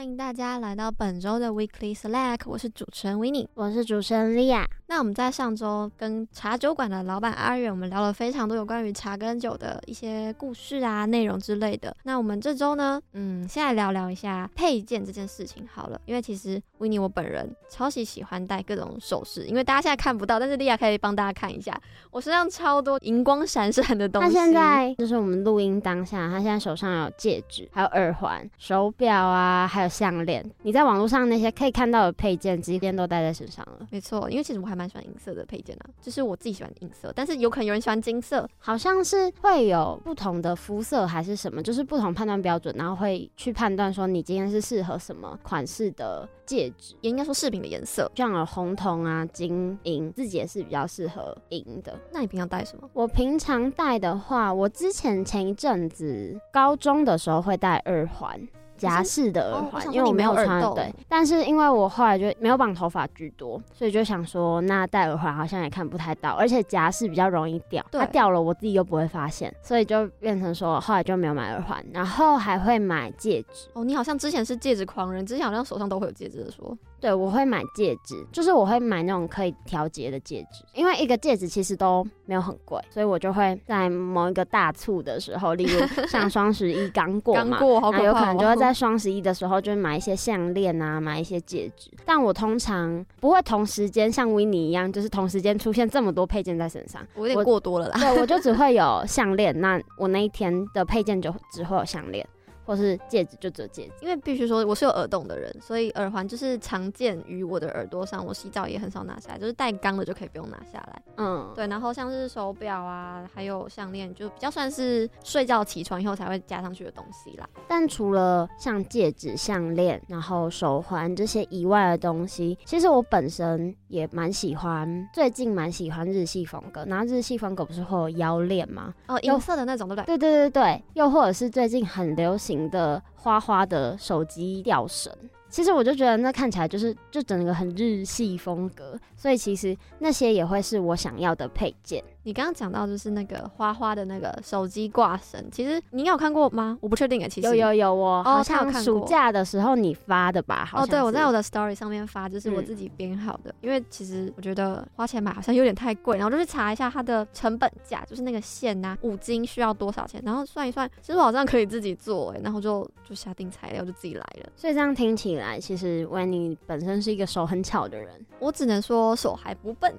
歡迎大家來到本周的 Weekly Select，我是主持人 Winnie，我是主持人 Lia。那我們在上周跟茶酒館的老板阿遠，我們聊了非常多有關於茶跟酒的一些故事啊、內容之類的。那我們這周呢，嗯，先來聊聊一下配件這件事情好了，因為其實 Winnie 我本人超級喜歡戴各種首飾，因為大家現在看不到，但是 Lia 可以幫大家看一下，我身上超多銀光閃閃的東西。那現在就是我們錄音當下，他現在手上有戒指，還有耳環、手錶啊，還有。項鏈，你在網絡上那些可以看到的配件，今天都戴在身上了。沒錯，因為其實我還蠻喜歡銀色的配件的，啊，就是我自己喜歡銀色，但是有可能有人喜歡金色，好像是會有不同的膚色還是什麼，就是不同判斷標準，然後會去判斷說你今天是適合什麼款式的戒指，也應該說飾品的顏色，像紅銅啊、金銀，自己也是比較適合銀的。那你平常戴什麼？我平常戴的話，我之前前一陣子高中的時候會戴耳環。夾式的耳環，因為、哦、我沒有穿對，但是因為我後來就沒有綁頭髮居多，所以就想說，那戴耳環好像也看不太到，而且夾式比較容易掉，對它掉了我自己又不會發現，所以就變成說後來就沒有買耳環，然後還會買戒指。哦，你好像之前是戒指狂人，之前好像手上都會有戒指的說。對，我會買戒指，就是我會買那種可以調節的戒指，因為一個戒指其實都沒有很貴，所以我就會在某一個大促的時候，例如像雙十一剛過嘛，那有 可,可能就會在雙十一的時候就買一些項鏈啊， 買一些戒指。但我通常不會同時間像 Winnie 一樣，就是同時間出現這麼多配件在身上，我有點過多了啦。對， 我就只會有項鏈，那我那一天的配件就只會有項鏈。或是戒指就只有戒指，因為必須說我是有耳洞的人，所以耳環就是常見於我的耳朵上。我洗澡也很少拿下來，就是帶鋼的就可以不用拿下來。嗯，對。然後像是手錶啊，還有項鏈，就比較算是睡覺起床以後才會加上去的東西啦。但除了像戒指、項鏈，然後手環這些以外的東西，其實我本身也蠻喜歡，最近蠻喜歡日系風格。然後日系風格不是會有腰鏈嗎？哦、呃，銀色的那種，有對不對？對對對對，又或者是最近很流行。的花花的手機吊繩，其實我就覺得那看起來就是就整個很日系風格，所以其實那些也會是我想要的配件。你剛剛講到就是那個花花的那個手機掛繩，其實你有看過嗎？我不確定誒，其實有有有，我好像暑假的時候你發的吧？好哦，對，我在我的 story 上面發，就是我自己編好的，嗯、因為其實我覺得花錢買好像有點太貴，然後就去查一下它的成本價，就是那個線吶、啊、五金需要多少錢，然後算一算，其實我好像可以自己做，哎，然後就就下定材料就自己來了。所以這樣聽起來，其實 Winnie 本身是一個手很巧的人，我只能說手還不笨，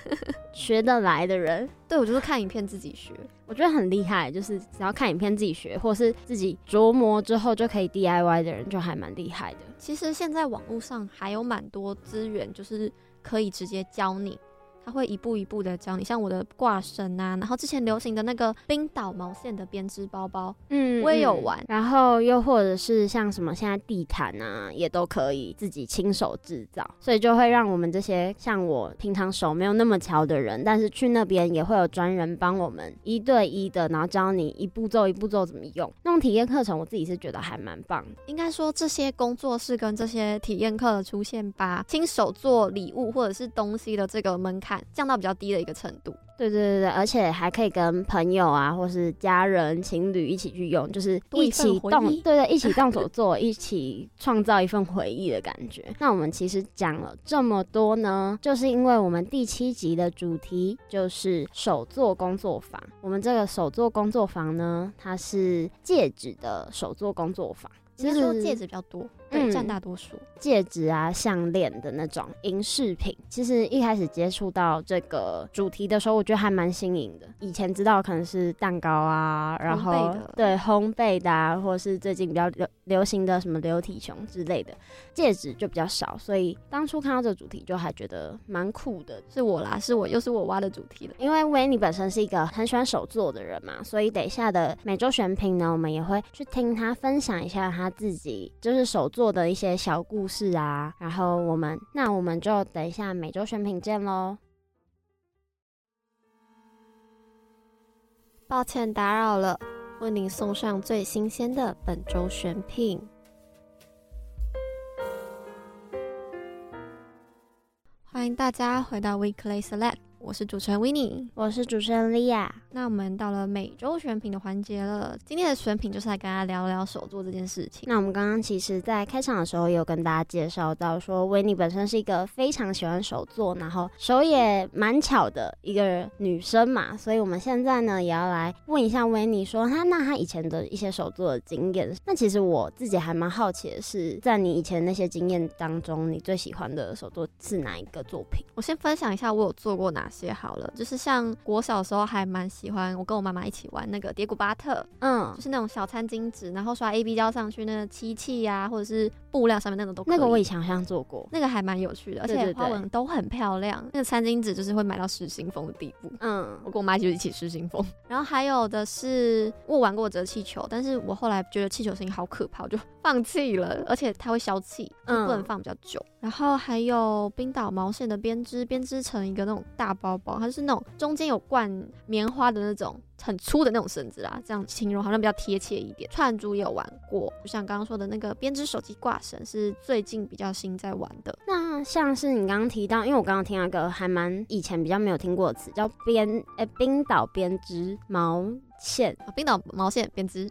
學得來的人。對，我就是看影片自己學，我覺得很厲害。就是只要看影片自己學，或是自己琢磨之後就可以 DIY 的人，就還蠻厲害的。其實現在網絡上還有蠻多資源，就是可以直接教你。他會一步一步的教你，像我的掛繩啊，然後之前流行的那個冰島毛線的編織包包，嗯，我也有玩，嗯。然後又或者是像什麼現在地毯啊，也都可以自己親手製造。所以就會讓我們這些像我平常手沒有那麼巧的人，但是去那邊也會有專人幫我們一對一的，然後教你一步驟一步驟怎麼用那種體驗課程。我自己是覺得還蠻棒的。應該說這些工作室跟這些體驗課的出現吧，親手做禮物或者是東西的這個門檻降到比較低的一個程度，對對對對，而且還可以跟朋友啊，或是家人、情侶一起去用，就是一起動，對對，一起動手做， 一起創造一份回憶的感覺。那我們其實講了這麼多呢，就是因為我們第七集的主題就是手作工作坊。我們這個手作工作坊呢，它是戒指的手作工作坊，其實說戒指比較多。對，嗯、佔大多數戒指啊、項鏈的那種銀飾品。其實一開始接觸到這個主題的時候，我覺得還蠻新穎的。以前知道可能是蛋糕啊，然後對烘焙的、啊，烘焙的啊、或者是最近比較流流行的什麼流體熊之類的，戒指就比較少，所以當初看到這個主題就還覺得蠻酷的。是我啦，是我、嗯、又是我挖的主題了。因為維尼本身是一個很喜歡手作的人嘛，所以等一下的每周選品呢，我們也會去聽他分享一下他自己就是手。做的一些小故事啊，然後我們，那我們就等一下每周選品見嘍。抱歉打擾了，為您送上最新鮮的本週選品。歡迎大家回到 Weekly Select。我是主持人 Winnie，我是主持人 Lia。那我們到了每周選品的環節了。今天的選品就是來跟大家聊聊手作這件事情。那我們剛剛其實，在開場的時候也有跟大家介紹到，說 Winnie 本身是一個非常喜歡手作，然後手也蠻巧的一個人，女生嘛。所以，我們現在呢，也要來問一下 Winnie，說他那他以前的一些手作的經驗。那其實我自己還蠻好奇的是，在你以前那些經驗當中，你最喜歡的手作是哪一個作品？我先分享一下，我有做過哪些。寫好了，就是像我小時候還蠻喜歡，我跟我媽媽一起玩那個蝶谷巴特，嗯，就是那種小餐巾紙，然後刷 A B 膠上去，那個漆器呀，或者是。物料上面那種都可以，那個我以前好像做過，那個還蠻有趣的，對對對對而且花紋都很漂亮。那個餐巾紙就是會買到失心瘋的地步。嗯，我跟我媽就一起失心瘋。然後還有的是我玩過折氣球，但是我後來覺得氣球聲音好可怕，我就放棄了。而且它會消氣，就不能放比較久。嗯，然後還有冰島毛線的編織，編織成一個那種大包包，它是那種中間有灌棉花的那種。很粗的那種繩子啦，這樣形容好像比較貼切一點。串珠也有玩過，就像剛剛說的那個編織手機掛繩，是最近比較新在玩的。那像是你剛剛提到，因為我剛剛聽到一個還蠻以前比較沒有聽過的詞，叫編，欸，冰島編織毛。線冰島毛線編織，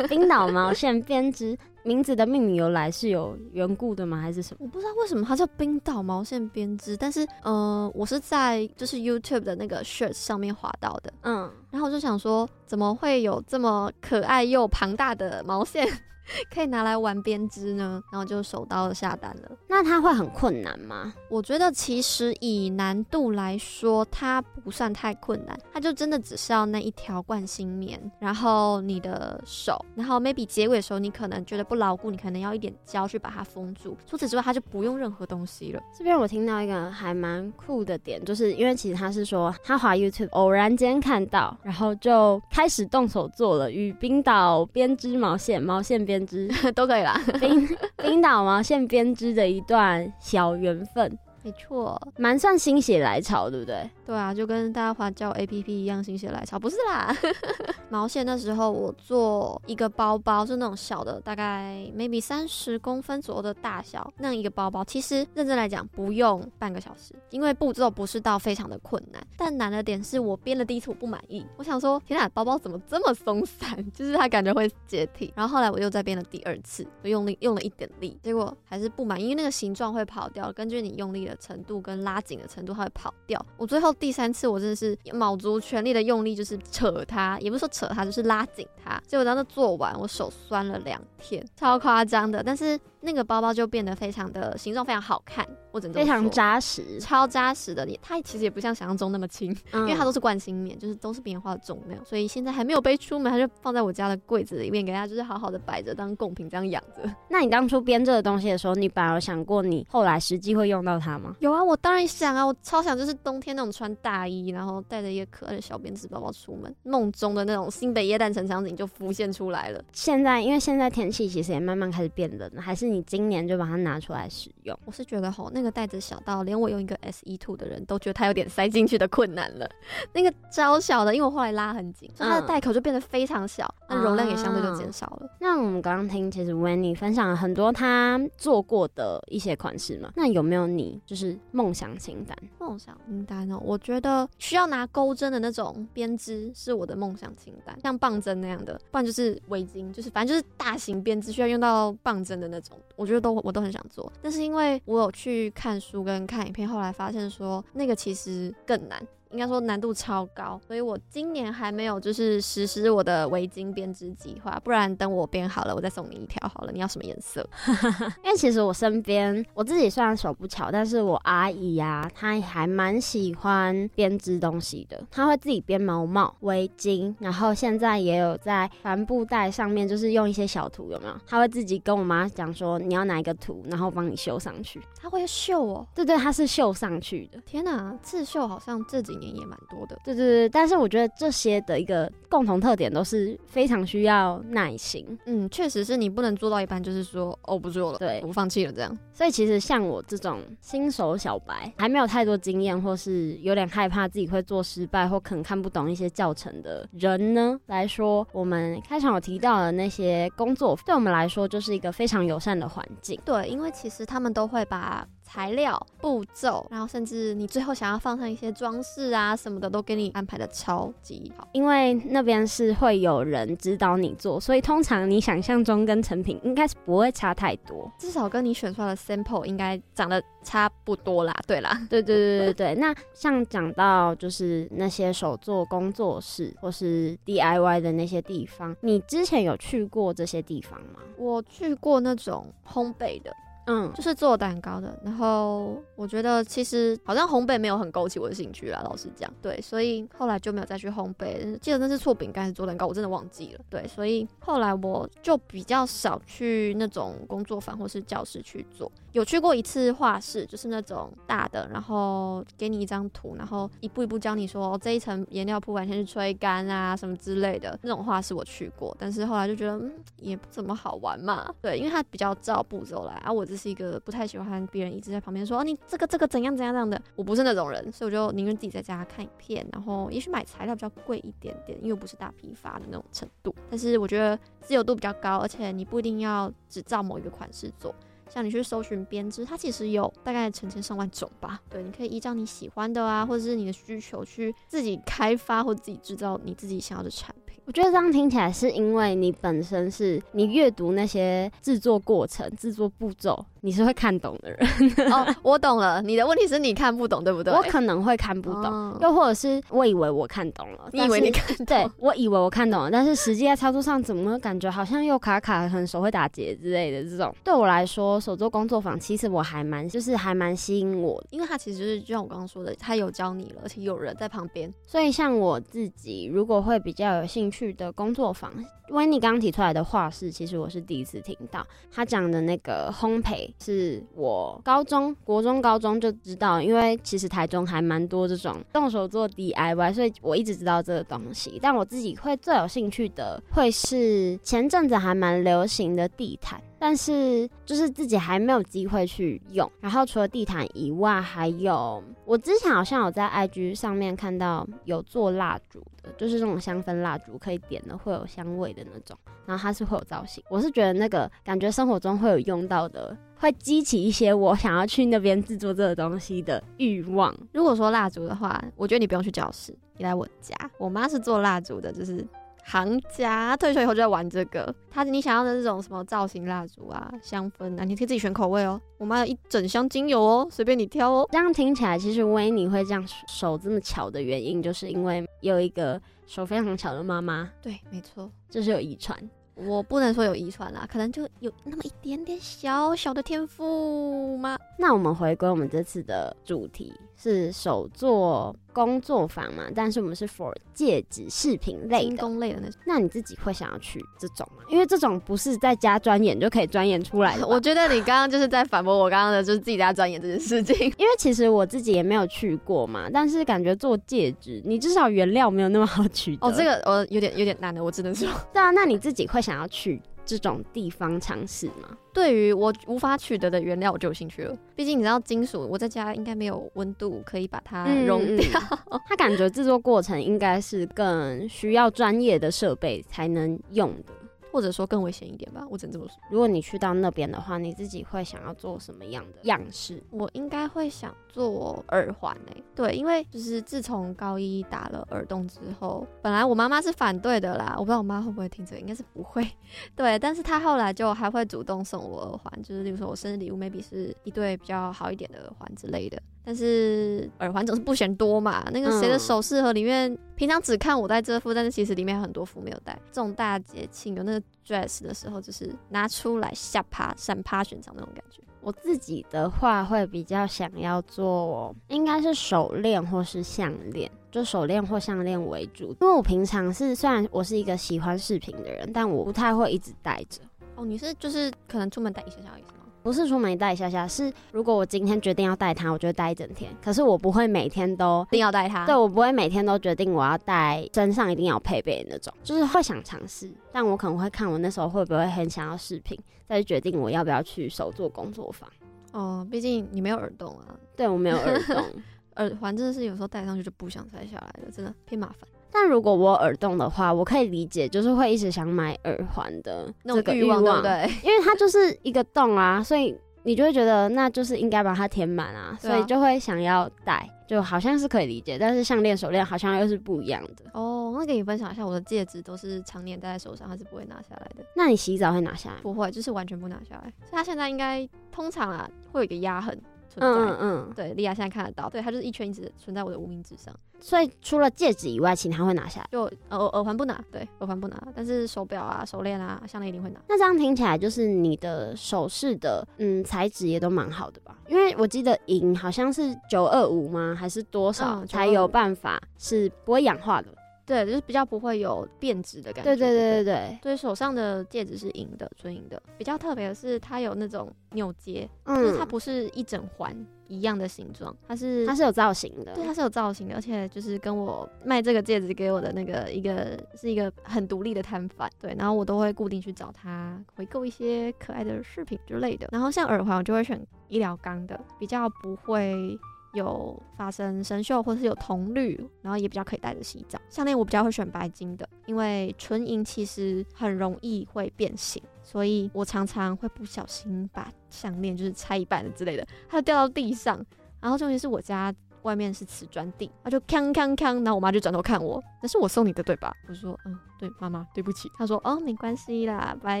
冰島毛線編織 名字的命名由來是有緣故的嗎？還是什麼？我不知道為什麼它叫冰島毛線編織，但是，嗯、呃，我是在就是 YouTube 的那個 shirt 上面滑到的，嗯，然後我就想說，怎麼會有這麼可愛又龐大的毛線？ 可以拿來玩編織呢，然後就手刀的下單了。那它會很困難嗎？我覺得其實以難度來說，它不算太困難。它就真的只需要那一條冠心棉，然後你的手，然後 maybe 結尾的時候你可能覺得不牢固，你可能要一點膠去把它封住。除此之外，它就不用任何東西了。這邊我聽到一個還蠻酷的點，就是因為其實他是說他滑 YouTube 偶然間看到，然後就開始動手做了。與冰島編織毛線，毛線編。編織都可以啦， 冰冰島嗎？現編織的一段小緣分。沒錯，蠻、欸、算心血來潮，對不對？對啊，就跟大家花教 APP 一樣，心血來潮。不是啦， 毛線那時候我做一個包包，是那種小的，大概 maybe 三十公分左右的大小。那一個包包，其實認真來講，不用半個小時，因為步驟不是到非常的困難。但難的點是我編了第一次我不滿意，我想說天哪，包包怎麼這麼鬆散？就是它感覺會解體。然後後來我又再編了第二次，就用力用了一點力，結果還是不滿意，因為那個形狀會跑掉。根據你用力的。程度跟拉緊的程度，它會跑掉。我最後第三次，我真的是卯足全力的用力，就是扯它，也不是說扯它，就是拉緊它。結果當時做完，我手酸了兩天，超誇張的。但是。那個包包就變得非常的，形狀非常好看，我整個。非常扎實，超扎實的。也它其實也不像想象中那麼輕，嗯、因為它都是慣性棉，就是都是棉花的重量。所以現在還沒有背出門，它就放在我家的櫃子裡面，給大家就是好好的擺着，當貢品這樣養着。那你當初編這個東西的時候，你本來想過你後來實際會用到它嗎？有啊，我當然想啊，我超想就是冬天那種穿大衣，然後帶着一個可愛的小編織包包出門，夢中的那種新北耶誕城場景就浮現出來了。現在因為現在天氣其實也慢慢開始變冷了，還是。你今年就把它拿出來使用。我是覺得吼，那個袋子小到連我用一個 SE2 的人都覺得它有點塞進去的困難了。 那個超小的，因為我後來拉很緊，所以它的袋口就變得非常小，那、嗯、容量也相對就減少了、啊。那我們剛剛聽，其實 Winnie 分享了很多他做過的一些款式嘛。那有沒有你就是夢想清單？夢想清單呢、喔，我覺得需要拿鈎針的那種編織是我的夢想清單，像棒針那樣的，不然就是圍巾，就是反正就是大型編織需要用到棒針的那種。我覺得都我都很想做，但是因為我有去看書跟看影片，後來發現說那個其實更難。應該說難度超高，所以我今年還沒有就是實施我的圍巾編織計劃，不然等我編好了，我再送你一條好了。你要什麼顏色？ 因為其實我身邊我自己雖然手不巧，但是我阿姨呀、啊，她還蠻喜歡編織東西的。她會自己編毛帽、圍巾，然後現在也有在帆布袋上面，就是用一些小圖，有沒有？她會自己跟我媽講說你要哪一個圖，然後幫你繡上去。她會繡哦、喔，對，對對，她是繡上去的。天哪，刺繡好像自己。年也蠻多的，對對對，但是我覺得這些的一個共同特點都是非常需要耐心。嗯，確實是你不能做到一半就是說哦不做了，對，我放棄了這樣。所以其實像我這種新手小白，還沒有太多經驗，或是有點害怕自己會做失敗，或可能看不懂一些教程的人呢來說，我們開場有提到的那些工作，對我們來說就是一個非常友善的環境。對，因為其實他們都會把。材料、步驟，然後甚至你最後想要放上一些裝飾啊什麼的，都給你安排得超級好。因為那邊是會有人指導你做，所以通常你想象中跟成品應該是不會差太多，至少跟你選出來的 sample 應該長得差不多啦。對啦，對 對對對對對。那像講到就是那些手作工作室或是 DIY 的那些地方，你之前有去過這些地方嗎？我去過那種烘焙的。嗯，就是做蛋糕的。然後我覺得其實好像烘焙沒有很勾起我的興趣啦，老實講。對，所以後來就沒有再去烘焙。記得那是做餅乾還是做蛋糕，我真的忘記了。對，所以後來我就比較少去那種工作坊或是教室去做。有去過一次畫室，就是那種大的，然後給你一張圖，然後一步一步教你說哦，這一層顏料鋪完先去吹乾啊什麼之類的，那種畫室我去過，但是後來就覺得嗯也不怎麼好玩嘛。對，因為它比較照步驟來啊，我只是一個不太喜歡別人一直在旁邊說哦，你這個這個怎樣怎樣這樣的，我不是那種人，所以我就寧願自己在家看影片，然後也許買材料比較貴一點點，因為不是大批發的那種程度，但是我覺得自由度比較高，而且你不一定要只照某一個款式做。像你去搜尋編織，它其實有大概成千上萬種吧。對，你可以依照你喜歡的啊，或者是你的需求去自己開發或自己制造你自己想要的產品。我覺得這樣聽起來是因為你本身是你閱讀那些制作過程、制作步驟。你是會看懂的人哦，oh, 我懂了。你的問題是你看不懂，對不對？我可能會看不懂，oh. 又或者是我以為我看懂了。你以為你看懂？對，我以為我看懂了，但是實際在操作上，怎麼感覺好像又卡卡， 很手會打結之類的這種。對我來說，手作工作坊其實我還蠻，就是還蠻吸引我的，因為它其實、就是就像我剛剛說的，它有教你了，而且有人在旁邊。所以像我自己，如果會比較有興趣的工作坊。威尼剛剛提出來的畫室，是其實我是第一次聽到。他講的那個烘焙，是我高中國中高中就知道，因為其實台中還蠻多這種動手做 DIY，所以我一直知道這個東西。但我自己會最有興趣的，會是前陣子還蠻流行的地毯。但是就是自己還沒有機會去用。然後除了地毯以外，還有我之前好像有在 IG 上面看到有做蠟燭的，就是那種香氛蠟燭，可以點的，會有香味的那種。然後它是會有造型。我是覺得那個感覺生活中會有用到的，會激起一些我想要去那邊製作這個東西的慾望。如果說蠟燭的話，我覺得你不用去教室，你來我家，我媽是做蠟燭的，就是。行家退休以後就在玩這個，他是你想要的那種什麼造型蠟燭啊，香氛啊，你可以自己選口味哦、喔。我媽有一整箱精油哦、喔，隨便你挑哦、喔。這樣聽起來，其實維尼會這樣手這麼巧的原因，就是因為有一個手非常巧的媽媽。對，沒錯，就是有遺傳。我不能說有遺傳啦，可能就有那麼一點點小小的天賦嘛。那我們回歸我們這次的主題。是手作工作坊嘛，但是我們是 for 戒指飾品類的、金工類的那種。那你自己會想要去這種嗎？因為這種不是在家鑽研就可以鑽研出來的。我覺得你剛剛就是在反駁我剛剛的就是自己家鑽研這件事情。 因為其實我自己也沒有去過嘛，但是感覺做戒指，你至少原料沒有那麼好取得哦，這個我、哦、有點有點難的，我只能說。 對啊，那你自己會想要去這種地方嘗試嗎？對於我無法取得的原料，我就有興趣了。畢竟你知道，金屬我在家應該沒有溫度可以把它融、嗯、掉、嗯哦。他感覺製作過程應該是更需要專業的設備才能用的。或者說更危險一點吧，我只能這麼說。如果你去到那邊的話，你自己會想要做什麼樣的樣式？我應該會想做耳環、欸。對，因為就是自從高一打了耳洞之後，本來我媽媽是反對的啦。我不知道我媽會不會聽這個，應該是不會。 對，但是她後來就還會主動送我耳環，就是例如說我生日禮物，maybe 是一對比較好一點的耳環之類的。但是耳環總是不嫌多嘛，那個誰的首飾盒裡面，嗯、平常只看我戴這副，但是其實裡面很多副沒有戴。這種大節慶有那個 dress 的時候，就是拿出來嚇趴、閃趴、全場那種感覺。我自己的話，會比較想要做，應該是手鏈或是項鏈，就手鏈或項鏈為主。因為我平常是，雖然我是一個喜歡飾品的人，但我不太會一直戴着。哦，你是就是可能出門帶一些小、小一些。不是說沒帶下下，是如果我今天決定要帶它，我就會帶一整天。可是我不會每天都一定要帶它，對我不會每天都決定我要帶，身上一定要配備的那種，就是會想嘗試，但我可能會看我那時候會不會很想要飾品，再決定我要不要去手作工作坊。哦，畢竟你沒有耳洞啊，對我沒有耳洞， 耳環真的是有時候戴上去就不想摘下來了，真的偏麻煩。但如果我耳洞的話，我可以理解，就是會一直想買耳環的這個欲望。對對，因為它就是一個洞啊。 所以你就會覺得那就是應該把它填滿啊，啊所以就會想要戴，就好像是可以理解。但是項鏈、手鏈好像又是不一樣的。哦，oh, 那給你分享一下，我的戒指都是常年戴在手上，它是不會拿下來的。那你洗澡會拿下來？不會，就是完全不拿下來。所以它現在應該通常啊會有一個壓痕。嗯嗯嗯，嗯對，莉亞現在看得到，對，它就是一圈一直存在我的無名指上，所以除了戒指以外，其他會拿下來，就、呃、耳耳環不拿，對，耳環不拿，但是手錶啊、手鏈啊、項鏈一定會拿。那這樣聽起來，就是你的首飾的嗯材質也都蠻好的吧？嗯、因為我記得銀好像是九二五嗎？還是多少、嗯、才有辦法是不會氧化的？對，就是比較不會有變質的感覺。對，對對對對對，所以手上的戒指是銀的，純銀的。比較特別的是，它有那種扭結，嗯，就是它不是一整環一樣的形狀，它是它是有造型的。對，它是有造型的，而且就是跟我賣這個戒指給我的那個一個是一個很獨立的攤販。對，然後我都會固定去找他回購一些可愛的飾品之類的。然後像耳環，我就會選醫療鋼的，比較不會。有發生生鏽或是有銅綠，然後也比較可以戴著洗澡。項鏈我比較會選白金的，因為純銀其實很容易會變形，所以我常常會不小心把項鏈就是拆一半之類的，它就掉到地上。然後重點是我家外面是瓷磚地，它就鏘鏘鏘，然後我媽就轉頭看我，那是我送你的對吧？我說嗯，對，媽媽，對不起。她說哦，沒關係啦，白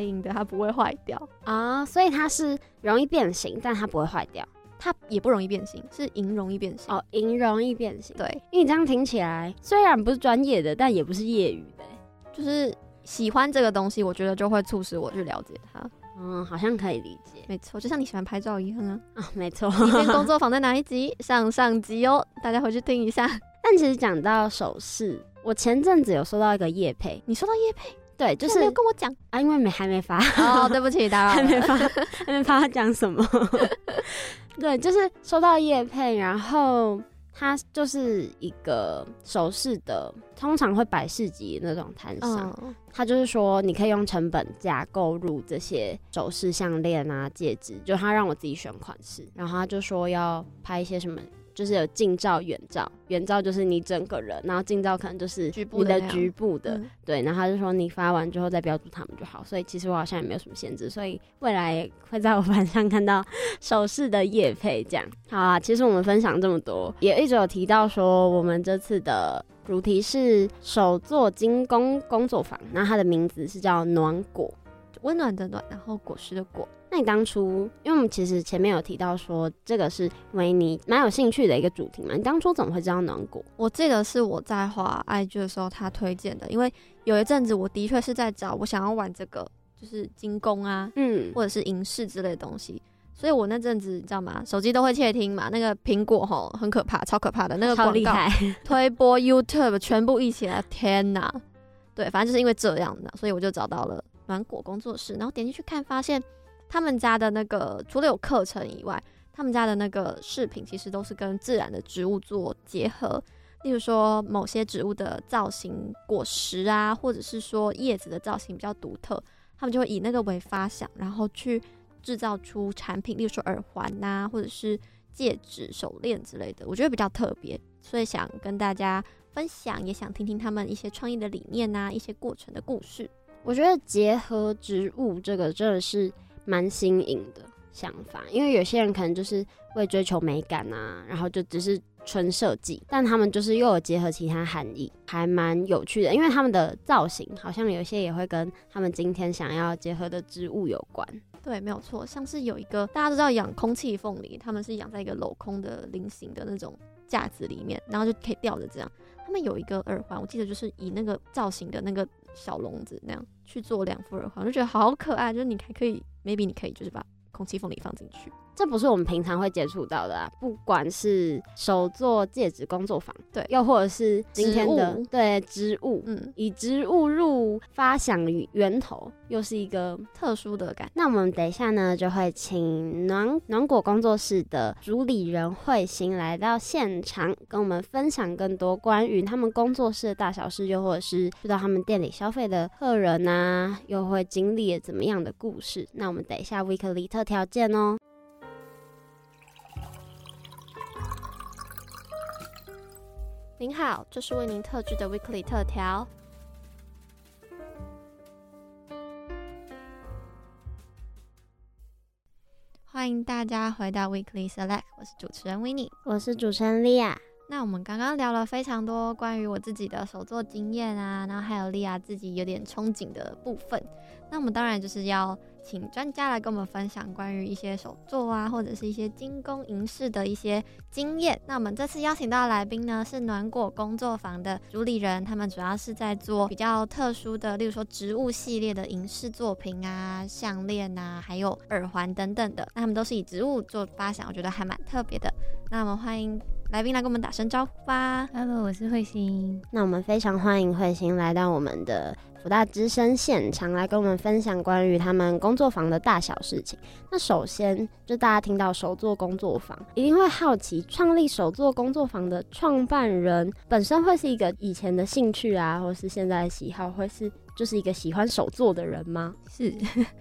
銀的它不會壞掉啊，所以它是容易變形，但它不會壞掉。它也不容易變形，是銀容易變形哦。銀容易變形，對，因為你這樣聽起來，雖然不是專業的，但也不是業餘的，就是喜歡這個東西，我覺得就會促使我去了解它。嗯，好像可以理解，沒錯，就像你喜歡拍照一樣啊。啊，沒錯。今天工作坊在哪一集？上上集哦，大家回去聽一下。但其實講到首飾，我前陣子有收到一個業配。你收到業配？對，就是跟我講啊，因為沒，還沒發哦，對不起，打擾，還沒發，還沒發，他講什麼？對，就是收到業配，然後他就是一個首飾的，通常會擺市集那種攤上，他、嗯、就是說，你可以用成本價購入這些首飾項鏈啊、戒指，就他讓我自己選款式，然後他就說要拍一些什麼。就是有近照、遠照，遠照就是你整個人，然後近照可能就是你的局部的，局部的那樣。對。然後他就說，你發完之後再標注他們就好。嗯、所以其實我好像也沒有什麼限制，所以未來會在我版上看到首飾的業配這樣。好啊，其實我們分享這麼多，也一直有提到說我們這次的主題是手作金工工作坊，那它的名字是叫暖果，溫暖的暖，然後果實的果。那你當初，因為我們其實前面有提到說，這個是維尼蠻有興趣的一個主題嘛？你當初怎麼會知道暖果？我記得是我在畫 IG 的時候，他推薦的。因為有一陣子，我的確是在找我想要玩這個，就是金工啊，嗯，或者是銀飾之類的東西。所以我那陣子，你知道嗎？手機都會竊聽嘛？那個蘋果吼很可怕，超可怕的那個廣告，推播 YouTube 全部一起來、啊，天哪！對，反正就是因為這樣的、啊，所以我就找到了暖果工作室，然後點進去看，發現。他們家的那個除了有課程以外，他們家的那個飾品其實都是跟自然的植物做結合，例如說某些植物的造型、果實啊，或者是說葉子的造型比較獨特，他們就會以那個為發想，然後去製造出產品，例如說耳環啊，或者是戒指、手鏈之類的。我覺得比較特別，所以想跟大家分享，也想聽聽他們一些創意的理念啊，一些過程的故事。我覺得結合植物這個真的是。蠻新穎的想法，因為有些人可能就是為追求美感啊，然後就只是純設計，但他們就是又有結合其他含義，還蠻有趣的。因為他們的造型好像有些也會跟他們今天想要結合的植物有關。對，沒有錯，像是有一個大家都知道養空氣鳳梨，他們是養在一個鏤空的菱形的那種架子裡面，然後就可以吊着這樣。他們有一個耳環，我記得就是以那個造型的那個小籠子那樣去做兩副耳環，我就覺得好可愛。就是你還可以，maybe 你可以就是把空氣鳳梨放進去。這不是我們平常會接觸到的啊。不管是手作戒指工作坊，對，又或者是今天的對植物，植物嗯，以植物入發想源頭，又是一個特殊的感。嗯、那我們等一下呢，就會請暖暖果工作室的主理人惠欣來到現場，跟我們分享更多關於他們工作室的大小事，又或者是去到他們店裡消費的客人啊，又會經歷了怎麼樣的故事。那我們等一下，維克里特條件哦。您好，這是為您特制的 Weekly 特調。歡迎大家回到 Weekly Select，我是主持人 Winnie，我是主持人 Lia。那我們剛剛聊了非常多關於我自己的手作經驗啊，然後還有 Lia 自己有點憧憬的部分。那我們當然就是要。請專家來跟我們分享關於一些手作啊，或者是一些金工銀飾的一些經驗。那我們這次邀請到的來賓呢，是暖果工作坊的主理人，他們主要是在做比較特殊的，例如說植物系列的銀飾作品啊、項鏈啊，還有耳環等等的。那他們都是以植物做發想，我覺得還蠻特別的。那我們歡迎來賓來跟我們打聲招呼吧。Hello，我是惠欣。那我們非常歡迎惠欣來到我們的五大資深現場來跟我們分享關於他們工作坊的大小事情。那首先，就大家聽到手作工作坊一定會好奇，創立手作工作坊的創辦人本身會是一個以前的興趣啊，或是現在的喜好，或是就是一個喜歡手作的人嗎？是，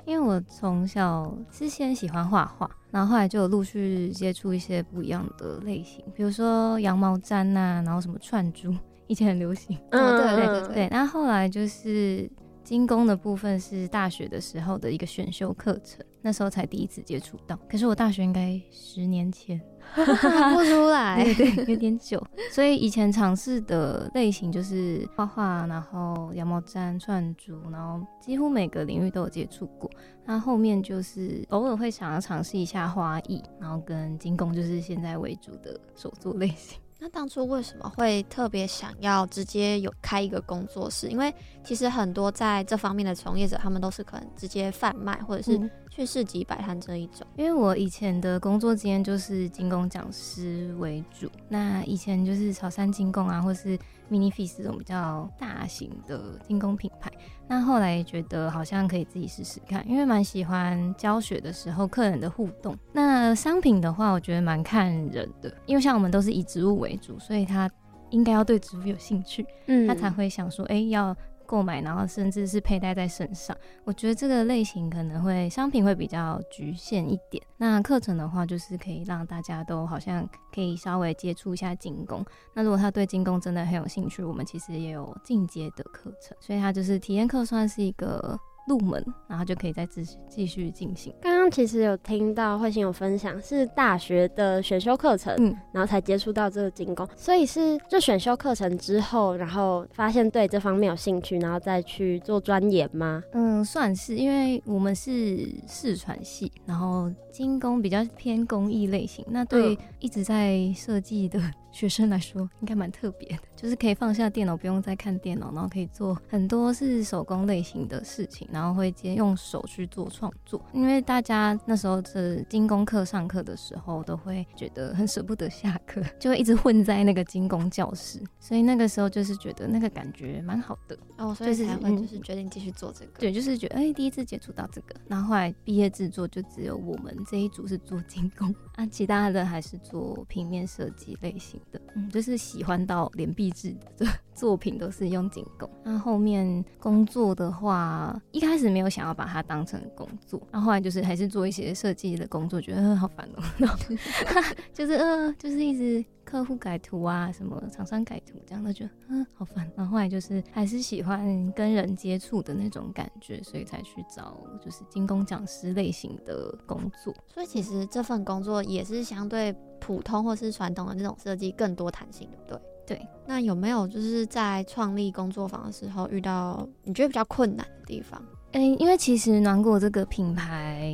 因為我從小之前喜歡畫畫，然後後來就有陸續接觸一些不一樣的類型，比如說羊毛氈吶、啊，然後什麼串珠。以前很流行，嗯對對對對。然後後來就是金工的部分是大學的時候的一個選修課程，那時候才第一次接觸到。可是我大學應該十年前， 不出來，對，對，對，有點久。 所以以前嘗試的類型就是畫畫，然後羊毛氈、串珠，然後幾乎每個領域都有接觸過。那後，後面就是偶爾會想要嘗試一下花藝，然後跟金工就是現在為主的手作類型。那當初為什麼會特別想要直接有開一個工作室？因為其實很多在這方面的從業者，他們都是可能直接販賣，或者是去市集擺攤這一種，嗯。因為我以前的工作經驗就是金工講師為主，那以前就是草山金工啊，或是 Mini Face 這種比較大型的金工品牌。那後來覺得好像可以自己試試看，因為蠻喜歡教學的時候客人的互動。那商品的話，我覺得蠻看人的，因為像我們都是以植物為主，所以他應該要對植物有興趣，嗯，他才會想說，哎、欸，要。購買，然後甚至是佩戴在身上，我覺得這個類型可能會商品會比較侷限一點。那課程的話，就是可以讓大家都好像可以稍微接觸一下金工。那如果他對金工真的很有興趣，我們其實也有進階的課程，所以他就是體驗課算是一個。入門，然後就可以再繼繼續進行。剛剛其實有聽到惠欣有分享，是大學的選修課程，嗯，然後才接觸到這個金工，所以是就選修課程之後，然後發現對這方面有興趣，然後再去做鑽研嗎？嗯，算是，因為我們是視傳系，然後金工比較偏工藝類型，那對一直在設計的、嗯。學生來說應該蠻特別的，就是可以放下電腦，不用再看電腦，然後可以做很多是手工類型的事情，然後會直接用手去做創作。因為大家那時候是精工金工課上課的時候，都會覺得很捨不得下課，就會一直混在那個金工教室，所以那個時候就是覺得那個感覺蠻好的。哦，所以才會就是、嗯、決定繼續做這個、嗯。對，就是覺得哎、欸，第一次接觸到這個，然後後來畢業製作就只有我們這一組是做金工。啊，其他的還是做平面設計類型的，嗯，就是喜歡到連壁紙的作品都是用金工。那、啊、後面工作的話，一開始沒有想要把它當成工作，那、啊、後後來就是還是做一些設計的工作，覺得好煩哦、喔， 就是呃，就是一直。客戶改圖啊，什麼廠商改圖這樣的，就嗯好煩。然後後來就是還是喜歡跟人接觸的那種感覺，所以才去找就是金工講師類型的工作。所以其實這份工作也是相對普通或是傳統的那種設計更多彈性，對不對？對。那有沒有就是在創立工作坊的時候遇到你覺得比較困難的地方？欸，因為其實暖果這個品牌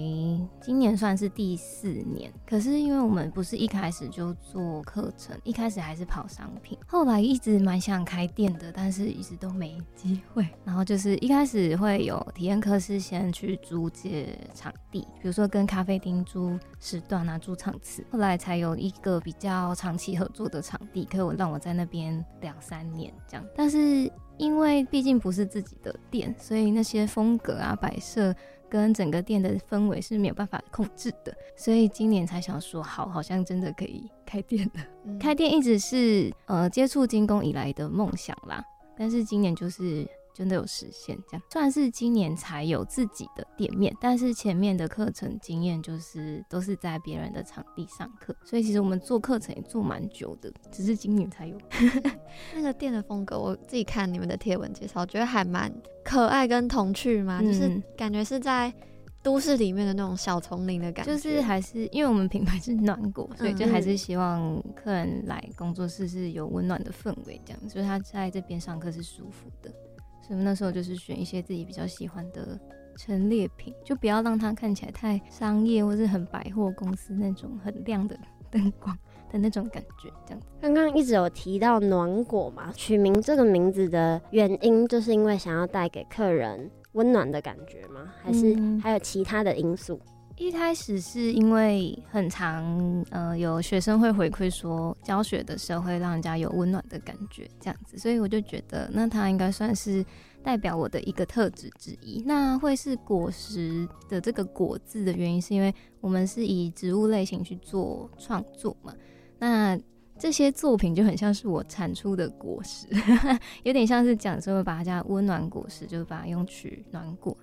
今年算是第四年，可是因為我們不是一開始就做課程，一開始還是跑商品，後來一直蠻想開店的，但是一直都沒機會。然後就是一開始會有體驗課，是先去租借場地，比如說跟咖啡廳租時段啊，租場次，後來才有一個比較長期合作的場地，可以讓我在那邊兩三年這樣，但是。因為畢竟不是自己的店，所以那些風格啊、擺設跟整個店的氛圍是沒有辦法控制的，所以今年才想說，好好像真的可以開店了。嗯。開店一直是呃接觸金工以來的夢想啦，但是今年就是。真的有實現這樣，雖然是今年才有自己的店面，但是前面的課程經驗就是都是在別人的場地上課，所以其實我們做課程也做蠻久的，只是今年才有。 那個店的風格，我自己看你們的貼文介紹，我覺得還蠻可愛跟童趣嘛，就是感覺是在都市裡面的那種小叢林的感覺。就是還是因為我們品牌是暖果，所以就還是希望客人來工作室是有溫暖的氛圍這樣，所以他在這邊上課是舒服的。那麼、嗯，那時候就是選一些自己比較喜歡的陳列品，就不要讓它看起來太商業，或是很百貨公司那種很亮的燈光的那種感覺。這樣子，剛剛一直有提到暖果嘛，取名這個名字的原因，就是因為想要帶給客人溫暖的感覺嗎？還是還有其他的因素？嗯一開始是因為很常，呃，有學生會回饋說教學的時候會讓人家有溫暖的感覺，這樣子，所以我就覺得那它應該算是代表我的一個特質之一。那會是果實的這個果字的原因，是因為我們是以植物類型去做創作嘛，那這些作品就很像是我產出的果實， 有點像是講說我把它叫溫暖果實，就是把它用取暖果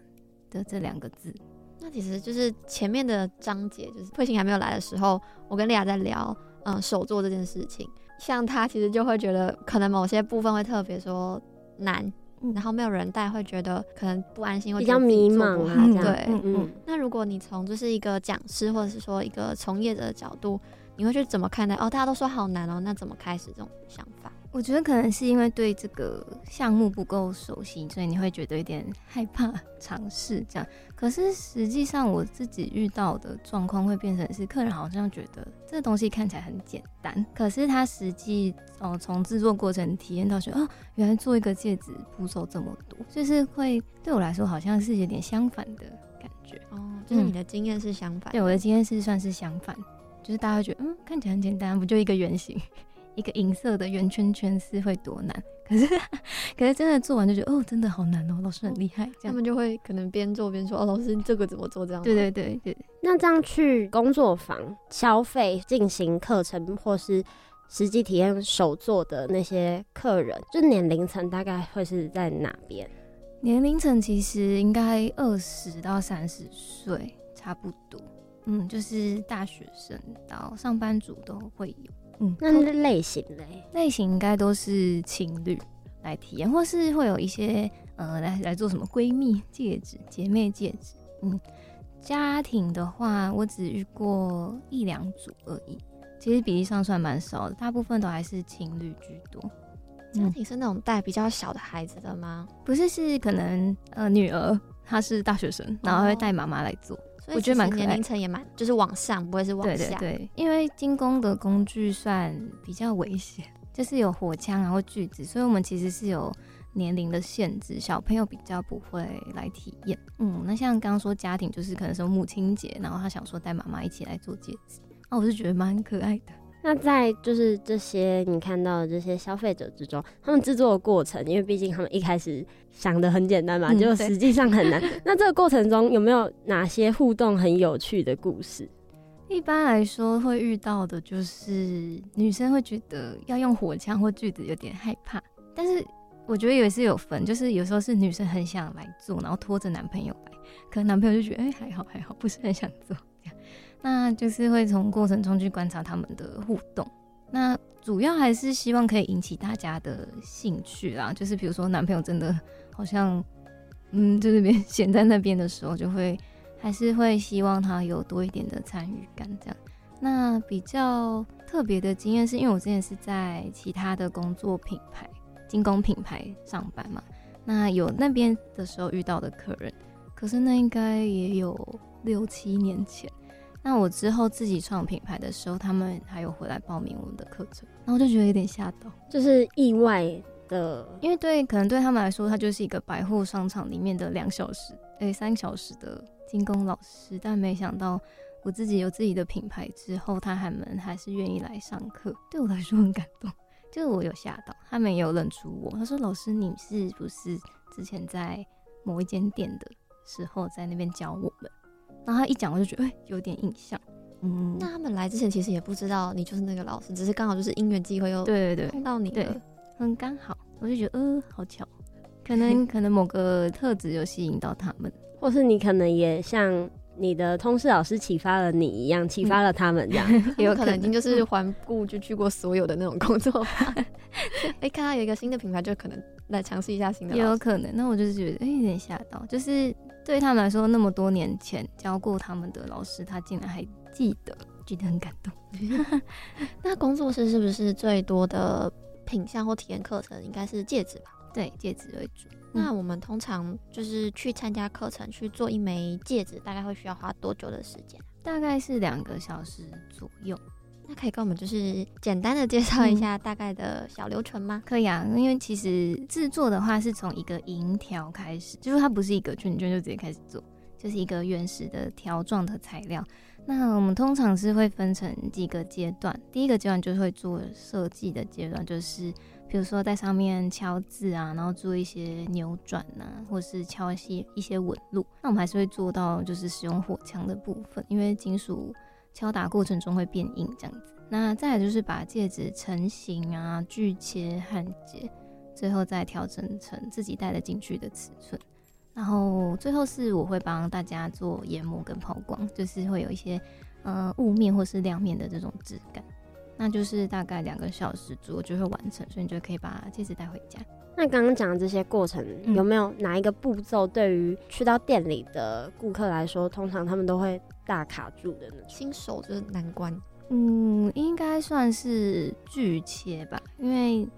的這兩個字。那其實就是前面的章節，就是惠欣還沒有來的時候，我跟麗亞在聊，嗯，手作這件事情，像她其實就會覺得可能某些部分會特別說難，嗯、然後沒有人帶，會覺得可能不安心會不，會比較迷茫。嗯、對，嗯嗯、那如果你從就是一個講師或者是說一個從業者的角度，你會去怎麼看待？哦，大家都說好難哦，那怎麼開始這種想法？我覺得可能是因為對這個項目不夠熟悉，所以你會覺得有點害怕嘗試這樣。可是實際上我自己遇到的狀況會變成是，客人好像覺得這個東西看起來很簡單，可是他實際哦從制作過程體驗到，覺得哦原來做一個戒指步驟這麼多，就是會對我來說好像是有點相反的感覺哦。就是你的經驗是相反，嗯，對我的經驗是算是相反，就是大家會覺得嗯看起來很簡單，不就一個圓形。一個銀色的圓圈圈是會多難，可是可是真的做完就覺得哦，真的好難哦，老師很厲害。他們就會可能邊做邊說哦，老師這個怎麼做這樣？對對對對。那這樣去工作坊消費進行課程或是實際體驗手做的那些客人，就年齡層大概會是在哪邊？年齡層其實應該二十到三十歲差不多，嗯，就是大學生到上班族都會有。嗯，那是類型嘞類型應該都是情侶來體驗，或是會有一些呃來來做什麼閨蜜戒指、姐妹戒指。嗯，家庭的話，我只遇過一兩組而已，其實比例上算蠻少的，大部分都還是情侶居多。家庭是那種帶比較小的孩子的嗎？嗯，不是，是可能呃女兒她是大學生，然後會帶媽媽來做。我覺得蠻年齡層也蠻，就是往上不會是往下，對，對，對，因為金工的工具算比較危險，就是有火槍然後鋸子，所以我們其實是有年齡的限制，小朋友比較不會來體驗。嗯，那像剛剛說家庭，就是可能說母親節，然後他想說帶媽媽一起來做戒指，那、啊、我是覺得蠻可愛的。那在就是這些你看到的這些消費者之中，他們制作的過程，因為畢竟他們一開始想得很簡單嘛，就、嗯、實際上很難。對 那這個過程中有沒有哪些互動很有趣的故事？ 一般來說會遇到的就是女生會覺得要用火槍或鋸子有點害怕，但是我覺得也是有分，就是有時候是女生很想來做，然後拖着男朋友來，可能男朋友就覺得哎、欸、還好還好，不是很想做。那就是會從過程中去觀察他們的互動，那主要還是希望可以引起大家的興趣啦。就是比如說，男朋友真的好像，嗯，就那邊閒在那邊的時候，就會還是會希望他有多一點的參與感這樣。那比較特別的經驗是因為我之前是在其他的工作品牌、金工品牌上班嘛，那有那邊的時候遇到的客人，可是那應該也有六七年前。那我之後自己創品牌的時候，他們還有回來報名我們的課程，然後就覺得有點嚇到，就是意外的，因為對可能對他們來說，他就是一個百貨商場裡面的兩小時，哎、欸、三小時的金工老師，但沒想到我自己有自己的品牌之後，他們還是願意來上課，對我來說很感動，就是我有嚇到，他們也有認出我，他說老師你是不是之前在某一間店的時候在那邊教我們？然後他一講，我就覺得、欸、有點印象。嗯，那他們來之前其實也不知道你就是那個老師，只是剛好就是因緣際會又對碰到你了，對對對對，很剛好。我就覺得呃，好巧，可能可能某個特質有吸引到他們， 或是你可能也像。你的通識老師啟發了你一樣，啟發了他們這樣， 也有可能已經就是環顧就去過所有的那種工作坊。哎、 欸，看到有一個新的品牌就可能來嘗試一下新的，也有可能。那我就是覺得，哎、欸，有點嚇到，就是對他們來說，那麼多年前教過他們的老師，他竟然還記得，覺得很感動。 那工作室是不是最多的品項或體驗課程應該是戒指吧？對，戒指為主。嗯、那我們通常就是去參加課程，去做一枚戒指，大概會需要花多久的時間、啊？大概是兩個小時左右。那可以跟我們就是簡單的介紹一下大概的小流程嗎？嗯、可以啊，因為其實制作的話是從一個銀條開始，就是它不是一個圈圈，就直接開始做，就是一個原始的條狀的材料。那我們通常是會分成幾個階段，第一個階段就是會做設計的階段，就是。比如說在上面敲字啊，然後做一些扭轉吶、啊，或是敲一些一些紋路，那我們還是會做到就是使用火槍的部分，因為金屬敲打過程中會變硬這樣子。那再來就是把戒指成型啊、鋸切、焊接，最後再調整成自己戴的進去的尺寸。然後最後是我會幫大家做研磨跟拋光，就是會有一些呃霧面或是亮面的這種質感。那就是大概兩個小時左右就會完成，所以你就可以把戒指帶回家。那剛剛講的這些過程，嗯、有沒有哪一個步驟對於去到店裡的顧客來說，通常他們都會大卡住的呢？新手就是難關。嗯，應該算是鋸切吧，因為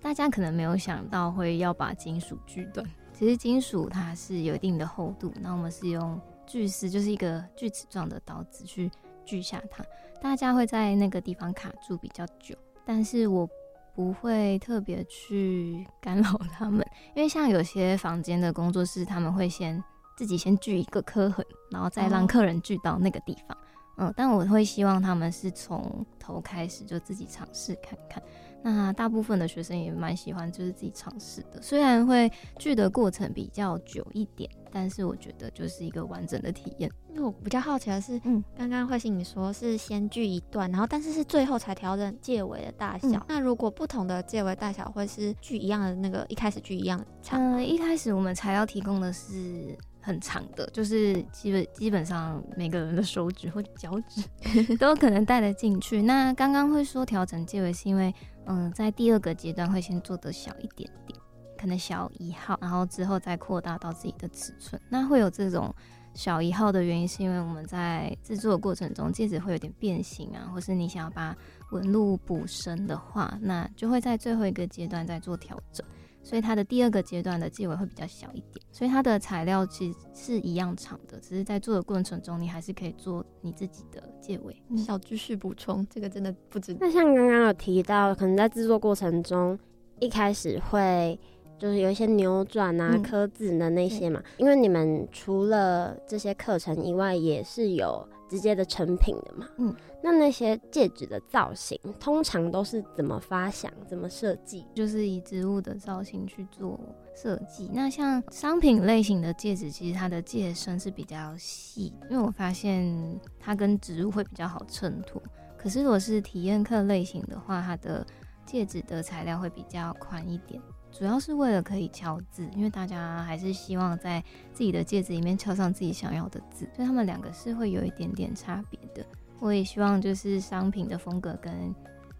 大家可能沒有想到會要把金屬鋸斷。其實金屬它是有一定的厚度，那我們是用鋸絲，就是一個鋸齒狀的刀子去。鋸下它，大家會在那個地方卡住比較久，但是我不會特別去干擾他們，因為像有些坊間的工作室，他們會先自己先鋸一個刻痕，然後再讓客人鋸到那個地方。嗯、嗯，但我會希望他們是從頭開始就自己嘗試看看。那大部分的學生也蠻喜歡就是自己嘗試的，雖然會鋸的過程比較久一點。但是我覺得就是一個完整的體驗，因為我比較好奇的是，嗯，剛剛惠欣你說是先鋸一段，然後但是是最後才調整戒圍的大小、嗯。那如果不同的戒圍大小，會是鋸一樣的那個一開始鋸一樣長？呃、嗯、一開始我們材料提供的是很長的，就是基本基本上每個人的手指或腳趾都可能戴得進去。 那剛剛會說調整戒圍，是因為嗯，在第二個階段會先做的小一點點。可能小一號，然後之後再擴大到自己的尺寸。那會有這種小一號的原因，是因為我們在制作的過程中戒指會有點變形啊，或是你想要把紋路補深的話，那就會在最後一個階段再做調整。所以它的第二個階段的戒圍會比較小一點。所以它的材料其實是一樣長的，只是在做的過程中，你還是可以做你自己的戒圍。嗯、小知識補充，這個真的不值得。那像剛剛有提到，可能在制作過程中一開始會。就是有一些扭轉啊、刻字的那些嘛，嗯嗯、因為你們除了這些課程以外，也是有直接的成品的嘛。嗯，那那些戒指的造型通常都是怎麼發想、怎麼設計？就是以植物的造型去做設計。那像商品類型的戒指，其實它的戒身是比較細，因為我發現它跟植物會比較好襯托。可是如果是體驗課類型的話，它的戒指的材料會比較寬一點。主要是為了可以敲字，因為大家還是希望在自己的戒指裡面敲上自己想要的字，所以他們兩個是會有一點點差別的。我也希望就是商品的風格跟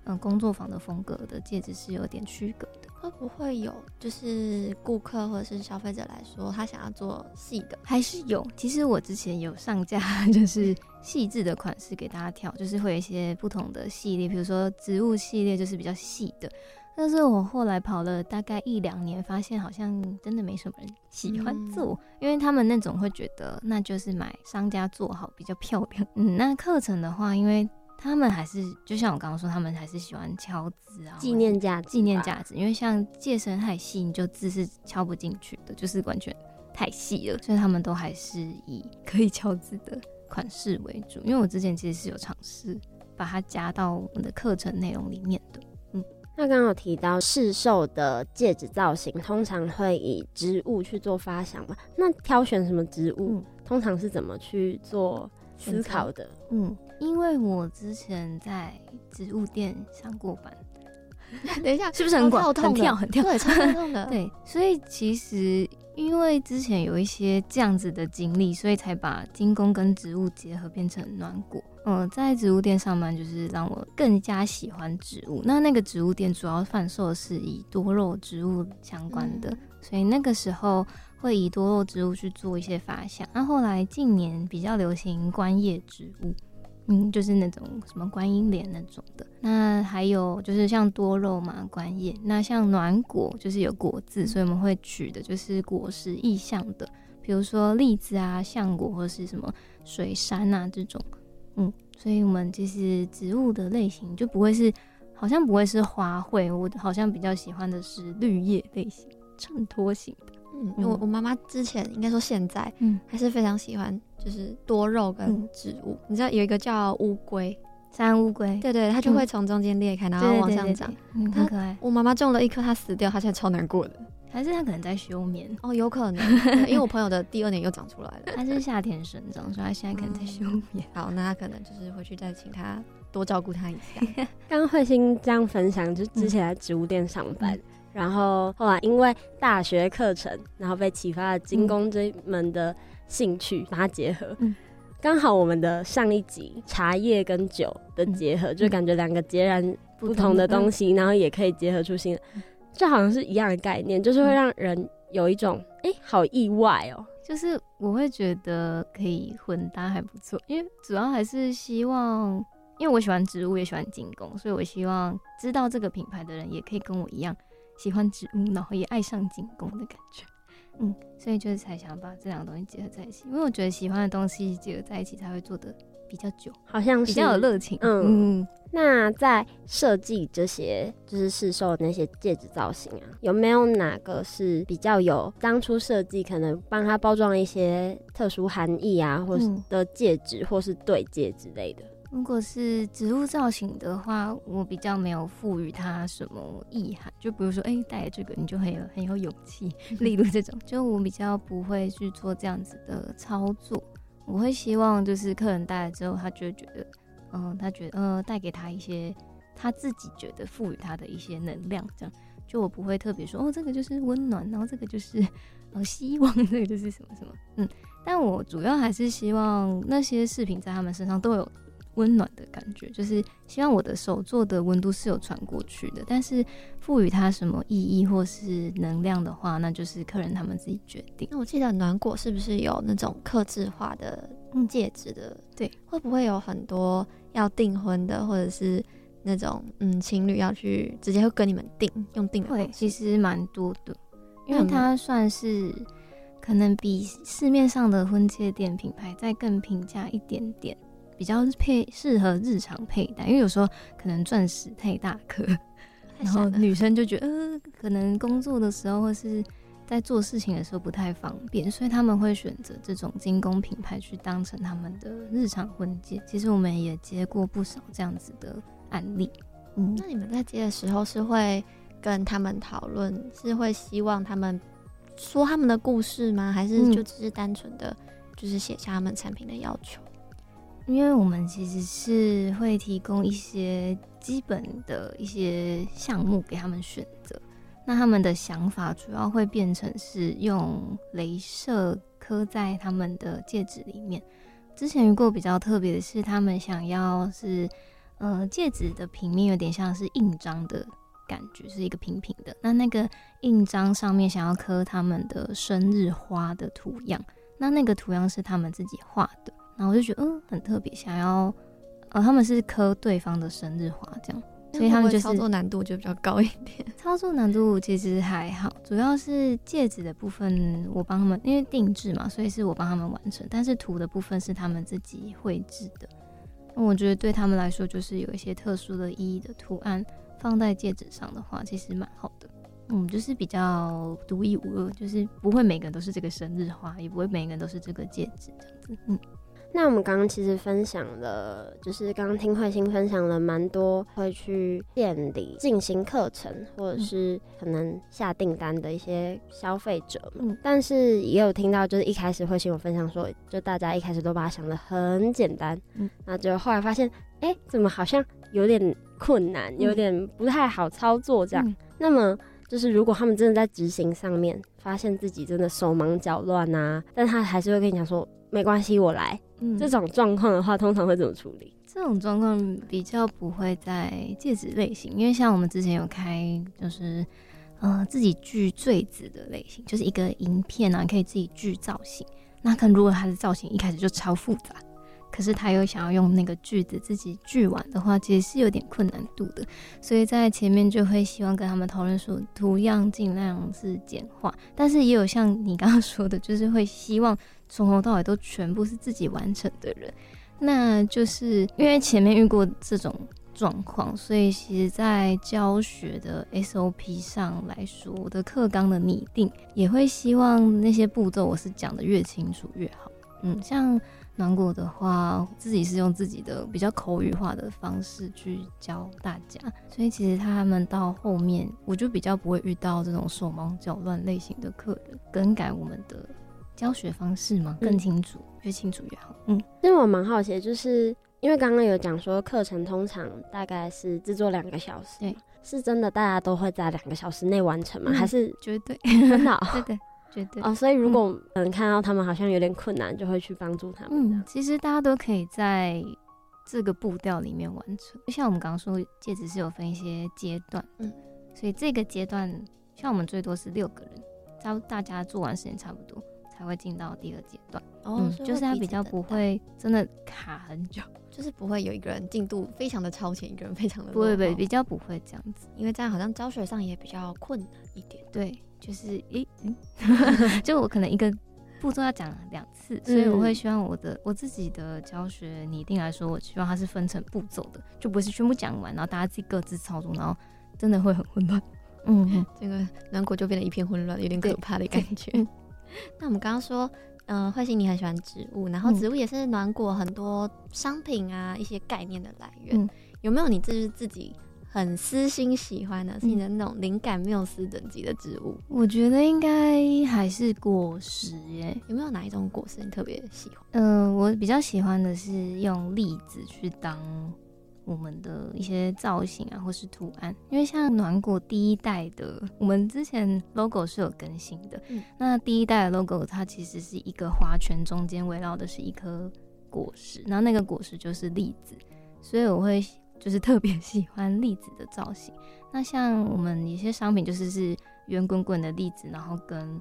嗯工作坊的風格的戒指是有點區隔的。會不會有就是顧客或者是消費者來說，他想要做細的還是有？其實我之前有上架就是細緻的款式給大家挑，就是會有一些不同的系列，比如說植物系列就是比較細的。但是我後來跑了大概一兩年，發現好像真的沒什麼人喜歡做，嗯、因為他們那種會覺得那就是買商家做好比較漂亮。嗯，那課程的話，因為他們還是就像我剛剛說，他們還是喜歡敲字啊，紀念價紀念價值，念值，因為像戒身太細，你就字是敲不進去的，就是完全太細了，所以他們都還是以可以敲字的款式為主。因為我之前其實是有嘗試把它加到我們的課程內容裡面的。那剛剛有提到市售的戒指造型，通常會以植物去做發想嘛？那挑選什麼植物，嗯、通常是怎麼去做思考的？嗯，因為我之前在植物店上過班，等一下是不是很跳很跳很跳？很跳對，跳的。 對，所以其實因為之前有一些這樣子的經歷，所以才把金工跟植物結合，變成暖果。嗯、哦，在植物店上班，就是讓我更加喜歡植物。那那個植物店主要販售是以多肉植物相關的，所以那個時候會以多肉植物去做一些發想。那後來近年比較流行觀葉植物，嗯，就是那種什麼觀音蓮那種的。那還有就是像多肉嘛、觀葉。那像暖果，就是有果字，所以我們會取的就是果實意象的，比如說栗子啊、橡果或是什麼水杉啊這種。嗯，所以我們就是植物的類型就不會是，好像不會是花卉。我好像比較喜歡的是綠葉類型、襯托型的。嗯，我我媽媽之前應該說現在，嗯，還是非常喜歡就是多肉跟植物。嗯，你知道有一個叫烏龜山烏龜，對，對對，它就會從中間裂開，嗯，然後往上長。對對對對對，嗯，它很可愛。我媽媽種了一棵，它死掉，她現在超難過的。還是他可能在休眠哦？有可能，因為我朋友的第二年又長出來了， 他是夏天生長，所以他現在可能在休眠。嗯、好，那他可能就是回去再請他多照顧他一下。剛剛惠欣這樣分享，就之前在植物店上班，嗯、然後後來因為大學課程，然後被啟發了金工這門的興趣，把它、嗯、結合。剛、嗯、好我們的上一集茶葉跟酒的結合，嗯、就感覺兩個截然不同的東西，然後也可以結合出新的。這好像是一樣的概念，就是會讓人有一種誒，嗯欸、好意外哦。就是我會覺得可以混搭還不錯，因為主要還是希望，因為我喜歡植物，也喜歡金工，所以我希望知道這個品牌的人也可以跟我一樣喜歡植物，然後也愛上金工的感覺。嗯，所以就是才想把這兩個東西結合在一起，因為我覺得喜歡的東西結合在一起才會做的。比較久，好像比較有熱情。嗯嗯，嗯那在設計這些就是市售的那些戒指造型啊，有沒有哪個是比較有當初設計可能幫他包裝一些特殊含義啊，或是的戒指，嗯、或是對戒之類的？如果是植物造型的話，我比較沒有賦予它什麼意涵。就比如說，哎、欸，戴這個你就很有很有勇氣， 例如這種，就我比較不會去做這樣子的操作。我會希望就是客人帶來之後，他就會覺得，嗯、呃，他覺得，嗯、呃，帶給他一些他自己覺得賦予他的一些能量，這樣。就我不會特別說，哦，這個就是溫暖，然後這個就是，呃，希望，這個就是什麼什麼，嗯。但我主要還是希望那些飾品在他們身上都有溫暖的感覺，就是希望我的手做的溫度是有傳過去的。但是賦予它什麼意義或是能量的話，那就是客人他們自己決定。那我記得暖果是不是有那種客製化的戒指的？對，會不會有很多要訂婚的或者是那種嗯情侶要去直接會跟你們訂用訂婚。會對，其實蠻多的，因為它算是可能比市面上的婚戒店品牌再更平價一點點。比較配適合日常佩戴，因為有時候可能鑽石太大顆，然後女生就覺得呃，可能工作的時候或是在做事情的時候不太方便，所以他們會選擇這種精工品牌去當成他們的日常婚戒。其實我們也接過不少這樣子的案例。嗯，那你們在接的時候是會跟他們討論，是會希望他們說他們的故事嗎？還是就只是單純的就是寫下他們產品的要求？因為我們其實是會提供一些基本的一些項目給他們選擇，那他們的想法主要會變成是用雷射刻在他們的戒指裡面。之前遇過比較特別的是，他們想要是呃戒指的平面有點像是印章的感覺，是一個平平的。那那個印章上面想要刻他們的生日花的圖樣，那那個圖樣是他們自己畫的。然後我就覺得，嗯，很特別，想要，呃，他們是刻對方的生日花這樣，所以他們操作難度就比較高一點。操作難度其實還好，主要是戒指的部分，我幫他們因為定制嘛，所以是我幫他們完成。但是圖的部分是他們自己繪制的，那我覺得對他們來說，就是有一些特殊的意義的圖案放在戒指上的話，其實蠻好的。嗯，就是比較獨一無二，就是不會每個人都是這個生日花，也不會每個人都是這個戒指這樣子。嗯。那我們剛剛其實分享了，就是剛剛聽惠欣分享了蠻多會去店裡進行課程，或者是可能下訂單的一些消費者。嗯，但是也有聽到，就是一開始惠欣有分享說，就大家一開始都把它想得很簡單，嗯，那就後，後來發現，哎、欸，怎麼好像有點困難，有點不太好操作這樣。嗯、那麼，就是如果他們真的在執行上面，發現自己真的手忙腳亂啊，但他還是會跟你講說，沒關係，我來。這種狀況的話，通常會怎麼處理？嗯，這種狀況比較不會在戒指類型，因為像我們之前有開，就是，呃，自己鋸墜子的類型，就是一個銀片啊，可以自己鋸造型。那可能如果它的造型一開始就超複雜，可是他又想要用那個鋸子自己鋸完的話，其實是有點困難度的。所以在前面就會希望跟他們討論說，圖樣儘量是簡化。但是也有像你剛剛說的，就是會希望。從頭到尾都全部是自己完成的人，那就是因為前面遇過這種狀況，所以其實在教學的 SOP 上來說，我的課綱的擬定也會希望那些步驟我是講得越清楚越好。嗯，像暖果的話，自己是用自己的比較口語化的方式去教大家，所以其實他們到後面我就比較不會遇到這種手忙腳亂類型的客人，更改我們的。教學方式嗎？更清楚，越、嗯、清楚越好。嗯，因為我蠻好奇，就是因為剛剛有講說課程通常大概是製作兩個小時，對，是真的，大家都會在兩個小時內完成嗎？嗯、還是絕對很好， 對對，絕對。哦，所以如果、嗯、能看到他們好像有點困難，就會去幫助他們、嗯。其實大家都可以在這個步調裡面完成。就像我們剛剛說，戒指是有分一些階段的，嗯，所以這個階段像我們最多是六個人，差不多大家做完時間差不多。才會進到第二階段，嗯、哦，等等就是它比較不會真的卡很久，就是不會有一個人進度非常的超前，一個人非常的不會，不會，比較不會這樣子，因為這樣好像教學上也比較困難一點。對，對就是誒，欸嗯、 就我可能一個步驟要講兩次，所以我會希望我的、嗯、我自己的教學，你一定來說，我希望它是分成步驟的，就不是全部講完，然後大家自己各自操作，然後真的會很混亂。嗯，整個暖果就變得一片混亂，有點可怕的感覺。那我們剛剛說，嗯、呃，惠欣你很喜歡植物，然後植物也是暖果很多商品啊、嗯、一些概念的來源，嗯、有沒有你自己很私心喜歡的，是你的那種靈感繆斯等級的植物？我覺得應該還是果實耶、欸，有沒有哪一種果實你特別喜歡？嗯、呃，我比較喜歡的是用栗子去當。我們的一些造型啊，或是圖案，因為像暖果第一代的，我們之前 logo 是有更新的。嗯、那第一代的 logo 它其實是一個花圈，中間圍繞的是一顆果實，那那個果實就是栗子，所以我會就是特別喜歡栗子的造型。那像我們一些商品就是是圓滾滾的栗子，然後跟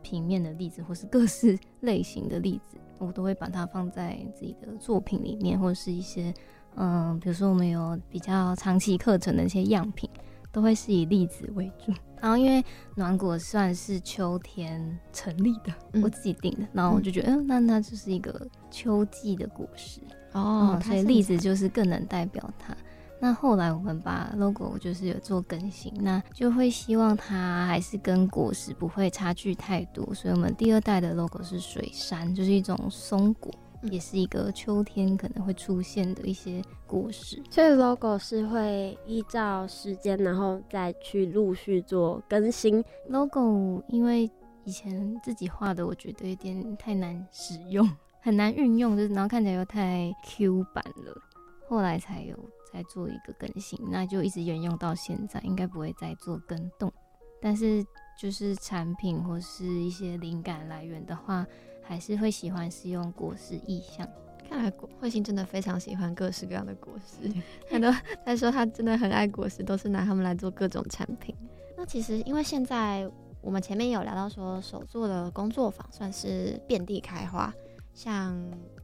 平面的栗子，或是各式類型的栗子，我都會把它放在自己的作品裡面，或者是一些。嗯，比如說我們有比較長期課程的一些樣品，都會是以栗子為主。然後因為暖果算是秋天成立的，我自己定的，然後我就覺得，嗯，欸、那那就是一個秋季的果實哦，它它哦，所以栗子就是更能代表它。嗯、那後來我們把 logo 就是有做更新，那就會希望它還是跟果實不會差距太多，所以我們第二代的 logo 是水杉，就是一種松果。也是一個秋天可能會出現的一些故事，所以 logo 是會依照時間，然後再去陸續做更新。logo 因為以前自己畫的，我覺得有點太難使用，很難運用，就是然後看起來又太 Q 版了，後來才有再做一個更新，那就一直沿用到現在，應該不會再做更動。但是就是產品或是一些靈感來源的話。還是會喜歡使用果實意象，看來惠欣真的非常喜歡各式各樣的果實。很多他說他真的很愛果實，都是拿它們來做各種產品。 那其實因為現在我們前面有聊到說手作的工作坊算是遍地開花，像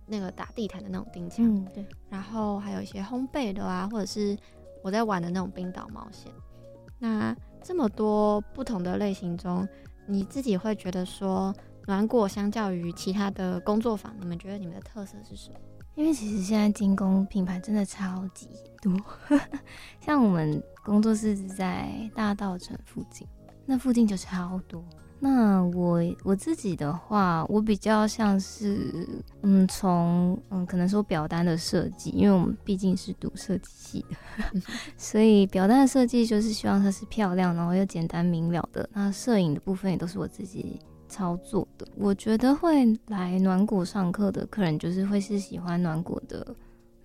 那個打地毯的那種釘槍，嗯，對，然後還有一些烘焙的啊，或者是我在玩的那種冰島冒險。那這麼多不同的類型中，你自己會覺得說，暖果相較於其他的工作坊，你們覺得你們的特色是什麼？因為其實現在金工品牌真的超級多， 像我們工作室在大道城附近，那附近就超多。那我我自己的話，我比較像是嗯，從嗯，可能說表單的設計，因為我們畢竟是讀設計系的， 所以表單的設計就是希望它是漂亮，然後又簡單明了的。那攝影的部分也都是我自己。操作的，我覺得會來暖果上課的客人，就是會是喜歡暖果的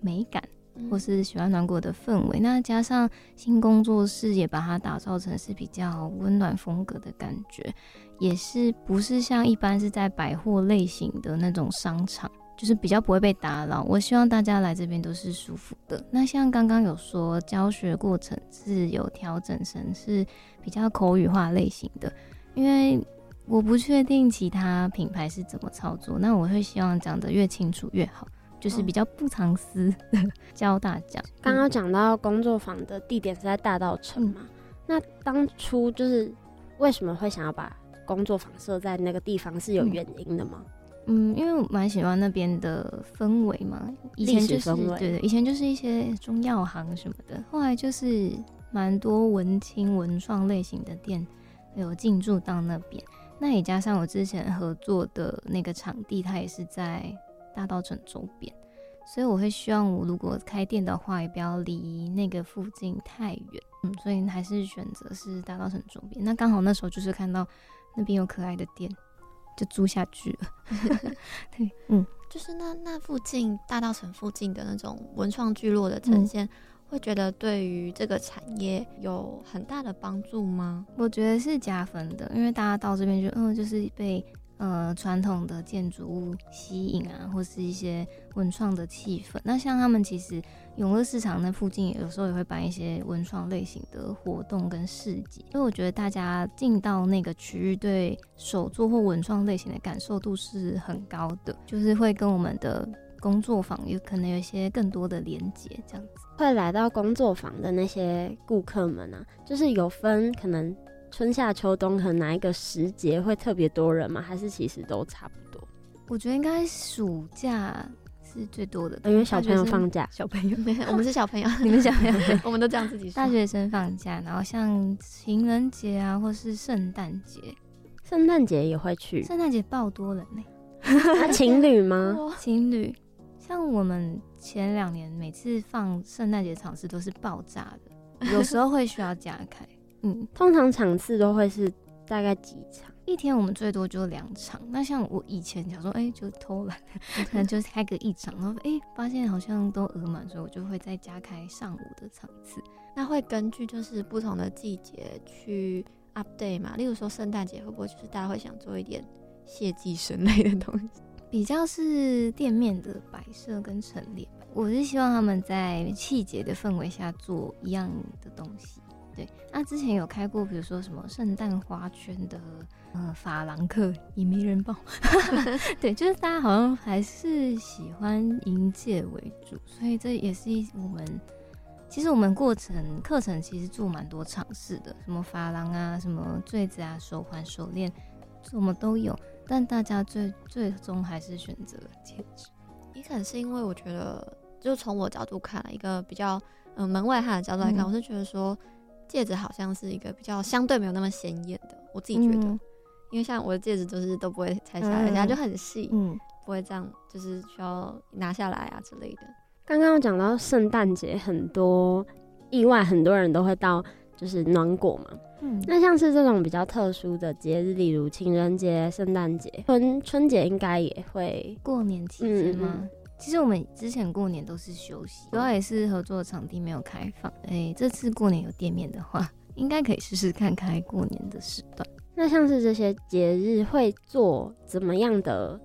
美感，或是喜歡暖果的氛圍。那加上新工作室也把它打造成是比較溫暖風格的感覺，也是不是像一般是在百貨類型的那種商場，就是比較不會被打擾。我希望大家來這邊都是舒服的。那像剛剛有說教學過程是有調整成是比較口語化類型的，因為，我不確定其他品牌是怎麼操作，那我會希望講得越清楚越好，就是比較不藏私，教大家講。剛剛講到工作坊的地點是在大稻埕嘛、嗯，那當初就是為什麼會想要把工作坊設在那個地方是有原因的嗎？嗯，嗯，因為我蠻喜歡那邊的氛圍嘛，歷史氛圍，以前就是對對，以前就是一些中藥行什麼的，後來就是蠻多文青文創類型的店有進駐到那邊。那也加上我之前合作的那個場地，它也是在大稻埕周邊，所以我會希望我如果開店的話，也不要離那個附近太遠。嗯，所以還是選擇是大稻埕周邊。那剛好那時候就是看到那邊有可愛的店，就租下去了。 對，嗯，就是那那附近大稻埕附近的那種文創聚落的呈現。嗯會覺得對於這個產業有很大的幫助嗎？我覺得是加分的，因為大家到這邊就嗯，就是被呃傳統的建築物吸引啊，或是一些文創的氣氛。那像他們其實永樂市場那附近有時候也會辦一些文創類型的活動跟市集，所以我覺得大家進到那個區域，對手作或文創類型的感受度是很高的，就是會跟我們的。工作坊有可能有一些更多的連接，這樣子。會來到工作坊的那些顧客們呢、啊，就是有分可能春夏秋冬，可能哪一個時節會特別多人嗎？還是其實都差不多？我覺得應該暑假是最多的、嗯，因為小朋友放假。小朋友，我們是小朋友，你們小朋友， 我們都這樣自己說。 大學生放假，然後像情人節啊，或是聖誕節，聖誕節也會去。聖誕節爆多人呢、欸。他、 啊、情侶嗎？我情侶。像我們前兩年每次放聖誕節場次都是爆炸的，有時候會需要加開。 嗯，通常場次都會是大概幾場，一天我們最多就兩場。那像我以前想說，哎、欸，就偷懶，那就開個一場， 然後哎、欸、發現好像都額滿，所以我就會再加開上午的場次。那會根據就是不同的季節去 update 嘛，例如說聖誕節會不會就是大家會想做一點謝祭神類的東西？比較是店面的擺設跟陳列，我是希望他們在細節的氛圍下做一樣的東西。對，那之前有開過，比如說什麼聖誕花圈的，呃，琺瑯課，也沒人報， 對，就是大家好像還是喜歡銀戒為主，所以這也是我們其實我們過程課程其實做蠻多嘗試的，什麼珐琅啊，什麼墜子啊，手環、手鏈，什麼都有。但大家最最終還是選擇了戒指，也可能是因為我覺得，就從我角度看、啊，一個比較嗯、呃、門外漢的角度來看，嗯、我是覺得說，戒指好像是一個比較相對沒有那麼顯眼的，我自己覺得，嗯、因為像我的戒指都是都不會拆下來，而且它、嗯、就很細，嗯，不會這樣就是需要拿下來啊之類的。剛剛我講到聖誕節很多意外，很多人都會到。就是暖果嘛，嗯，那像是這種比較特殊的節日，例如情人節、聖誕節、春春節，應該也會過年期間嗎？嗯嗯嗯、其實我們之前過年都是休息，主要也是合作場地沒有開放。哎、嗯欸，這次過年有店面的話，嗯、應該可以試試看看過年的時段。嗯、那像是這些節日會做怎麼樣的？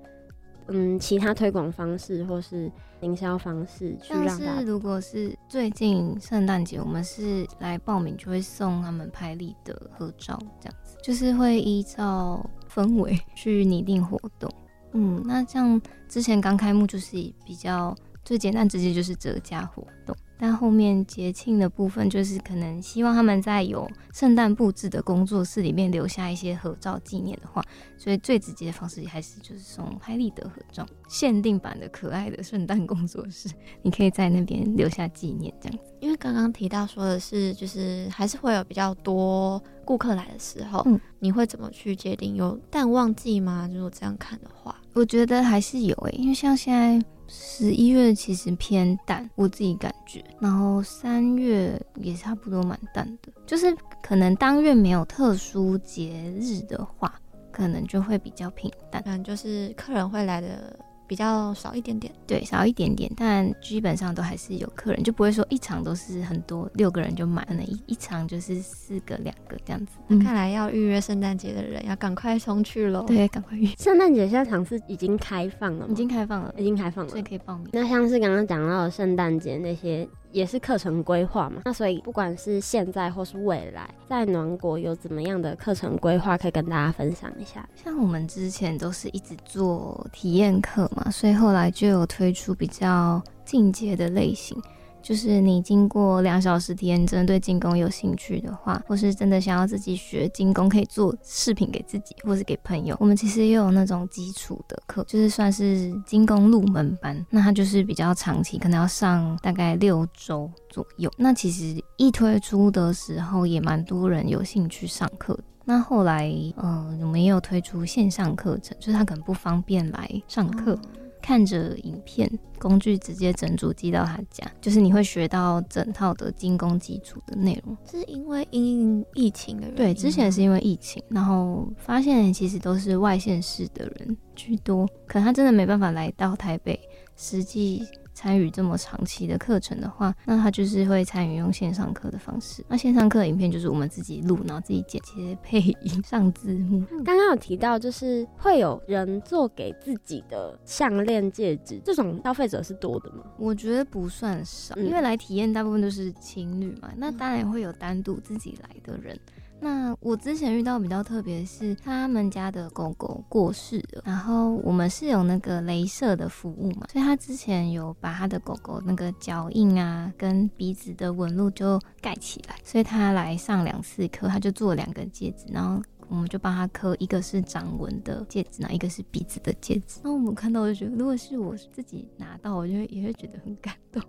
嗯，其他推廣方式或是。營銷方式去讓，但是如果是最近聖誕節，我們是來報名就會送他們拍立得合照，這樣子就是會依照氛圍去擬定活動。嗯，那像之前剛開幕就是比較最簡單直接就是折價活動。但後面節慶的部分，就是可能希望他們在有聖誕布置的工作室裡面留下一些合照紀念的話，所以最直接的方式還是就是送拍立得合照，限定版的可愛的聖誕工作室，你可以在那邊留下紀念這樣子。因為剛剛提到說的是，就是還是會有比較多顧客來的時候，嗯，你會怎麼去界定，有淡旺季嗎？如果這樣看的話，我覺得還是有誒，欸，因為像現在，十一月其實偏淡，我自己感覺，然後三月也差不多蠻淡的，就是可能當月沒有特殊節日的話，可能就會比較平淡，可能就是客人會來的。比較少一點點，對，少一點點，但基本上都還是有客人，就不會說一場都是很多六個人就滿了。可能一一場就是四個兩個這樣子。那、嗯、看來要預約聖誕節的人要趕快衝去嘍！對，趕快預約。聖誕節現在場是已經開放了嗎？已經開放了，已經開放了，所以可以報名。那像是剛剛講到聖誕節那些。也是課程規劃嘛，那所以不管是現在或是未來，在暖果有怎麼樣的課程規劃，可以跟大家分享一下？像我們之前都是一直做體驗課嘛，所以後來就有推出比較進階的類型。就是你經過兩小時體驗，真的對金工有興趣的話，或是真的想要自己學金工，可以做飾品給自己，或是給朋友。我們其實也有那種基礎的課，就是算是金工入門班，那它就是比較長期，可能要上大概六週左右。那其實一推出的時候，也蠻多人有興趣上課。那後來，嗯、呃，我們也有推出線上課程，就是他可能不方便來上課。哦看着影片，工具直接整組寄到他家，就是你會學到整套的金工基礎的內容。是因為因疫情的人，對，之前是因為疫情，然後發現其實都是外縣市的人居多，可他真的沒辦法來到台北實際。參與這麼長期的課程的話，那他就是會參與用線上課的方式。那線上課影片就是我們自己錄，然後自己剪接、配音、上字幕。剛剛、嗯、有提到，就是會有人做給自己的項鏈、戒指，這種消費者是多的嗎？我覺得不算少，嗯、因為來體驗大部分都是情侶嘛，那當然會有單獨自己來的人。那我之前遇到比較特別的是，他們家的狗狗過世了，然後我們是有那個雷射的服務嘛，所以他之前有把他的狗狗那個腳印啊，跟鼻子的紋路就蓋起來，所以他來上兩次課，他就做兩個戒指，然後我們就幫他刻，一個是掌紋的戒指，然後一個是鼻子的戒指，那我們看到我就覺得，如果是我自己拿到，我就也會覺得很感動。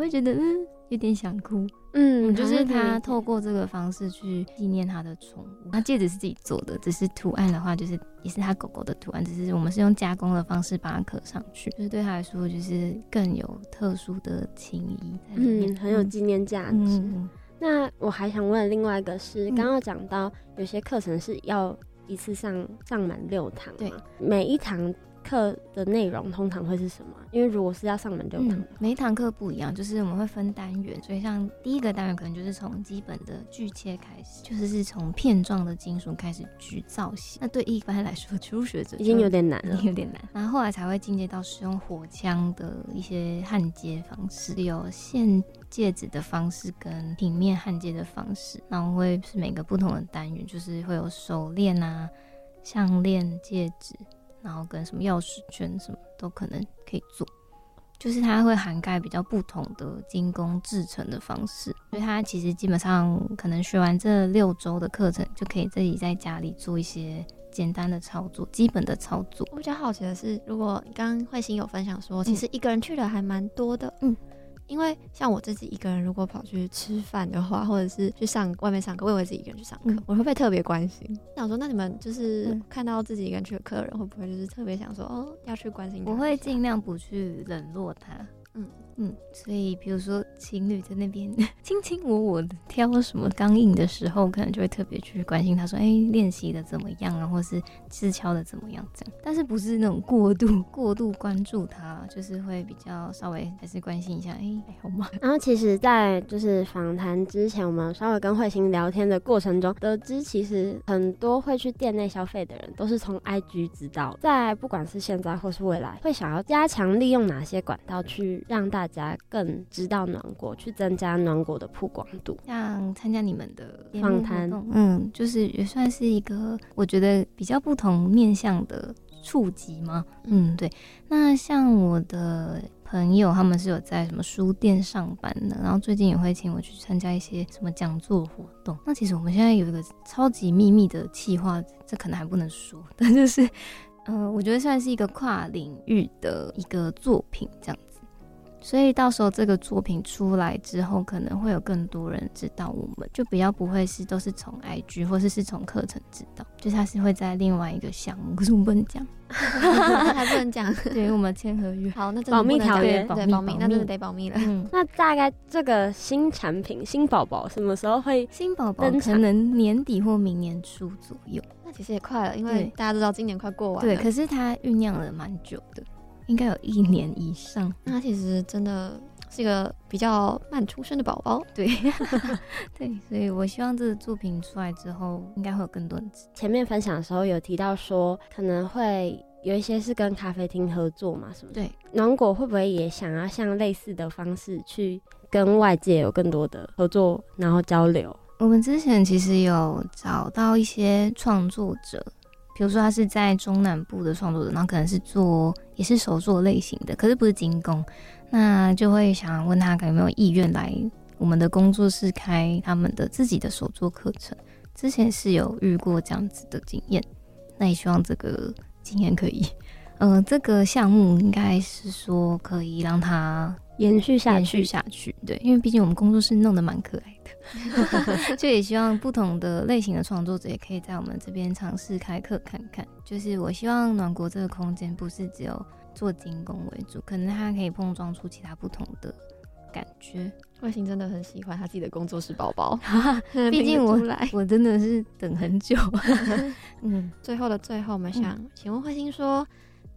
我會覺得嗯，有點想哭，嗯，就是他透過這個方式去紀念他的寵物。那戒指是自己做的，只是圖案的話，就是也是他狗狗的圖案，只是我們是用加工的方式把它刻上去，就是對他來說就是更有特殊的情誼在裡面，嗯，很有紀念價值。嗯，那我還想問另外一個是，是剛剛講到有些課程是要一次上上滿六堂，對，每一堂。課的內容通常會是什麼？因為如果是要上門就課、嗯，每一堂課不一樣，就是我們會分單元，所以像第一個單元可能就是從基本的鋸切開始，就是是從片狀的金屬開始鋸造型。那對一般來說初學者就已經有點難了，有點難。然後後來才會進階到使用火槍的一些焊接方式，有線戒指的方式跟平面焊接的方式，然後會是每個不同的單元，就是會有手鏈啊、項鏈、戒指。然後跟什麼鑰匙圈什麼都可能可以做，就是它會涵蓋比較不同的金工制成的方式，所以他其實基本上可能學完這六周的課程，就可以自己在家裡做一些簡單的操作，基本的操作。我比較好奇的是，如果剛剛惠欣有分享說，嗯、其實一個人去的還蠻多的，嗯。因為像我自己一個人，如果跑去吃飯的話，或者是去上外面上課，我也會自己一個人去上課。嗯，我會不會特別關心？想說，那你們就是看到自己一個人去的客人，嗯，會不會就是特別想說，哦，要去關心？我會盡量不去冷落他。嗯。嗯，所以比如說情侶在那邊卿卿我我，挑什麼鋼印的時候，可能就會特別去關心他說，說、欸、哎，練習的怎麼樣啊？或是自敲的怎麼樣這樣。但是不是那種過度過度關注他，就是會比較稍微還是關心一下，哎、欸，好嗎？然後其實，在就是訪談之前，我們稍微跟惠欣聊天的過程中，得知其實很多會去店內消費的人都是從 IG 知道。在不管是現在或是未來，會想要加強利用哪些管道去讓大家。更知道暖果，去增加暖果的曝光度，像參加你們的放攤，嗯，就是也算是一個我覺得比較不同面向的觸及嗎？嗯，對。那像我的朋友，他們是有在什麼書店上班的，然後最近也會請我去參加一些什麼講座活動。那其實我們現在有一個超級秘密的計劃，這可能還不能說，但就是，嗯、呃，我覺得算是一個跨領域的一個作品這樣所以到時候這個作品出來之後，可能會有更多人知道我們，就比較不會是都是從 IG 或者是從課程知道，就他是會在另外一個項目，可是我不能講，還不能講，因為我們簽合約，好，那這保密條約，對，對保密，保密，那真的得保密了。嗯，那大概這個新產品新寶寶什麼時候會新寶寶？可能年底或明年初左右。 那其實也快了，因為大家都知道今年快過完了。對，對，可是它醞釀了蠻久的。應該有一年以上，嗯、那他其實真的是一個比較慢出生的寶寶。對， 對，所以我希望這個作品出來之後，應該會有更多人。前面分享的時候有提到說，可能會有一些是跟咖啡廳合作嘛，是不是？對，暖果會不會也想要像類似的方式去跟外界有更多的合作，然後交流？我們之前其實有找到一些創作者。比如說，他是在中南部的創作者，那可能是做也是手作類型的，可是不是金工，那就會想問他有沒有意願來我們的工作室開他們的自己的手作課程。之前是有遇過這樣子的經驗，那也希望這個經驗可以。嗯、呃，這個項目應該是說可以讓它延續下去，延續下去。對，因為畢竟我們工作室弄得蠻可愛的， 就也希望不同的類型的創作者也可以在我們這邊嘗試開課看看。就是我希望暖果這個空間不是只有做金工為主，可能它可以碰撞出其他不同的感覺。惠欣真的很喜歡他自己的工作室包包， 畢竟我 來我真的是等很久。 嗯，最後的最後，我們想請問惠欣說。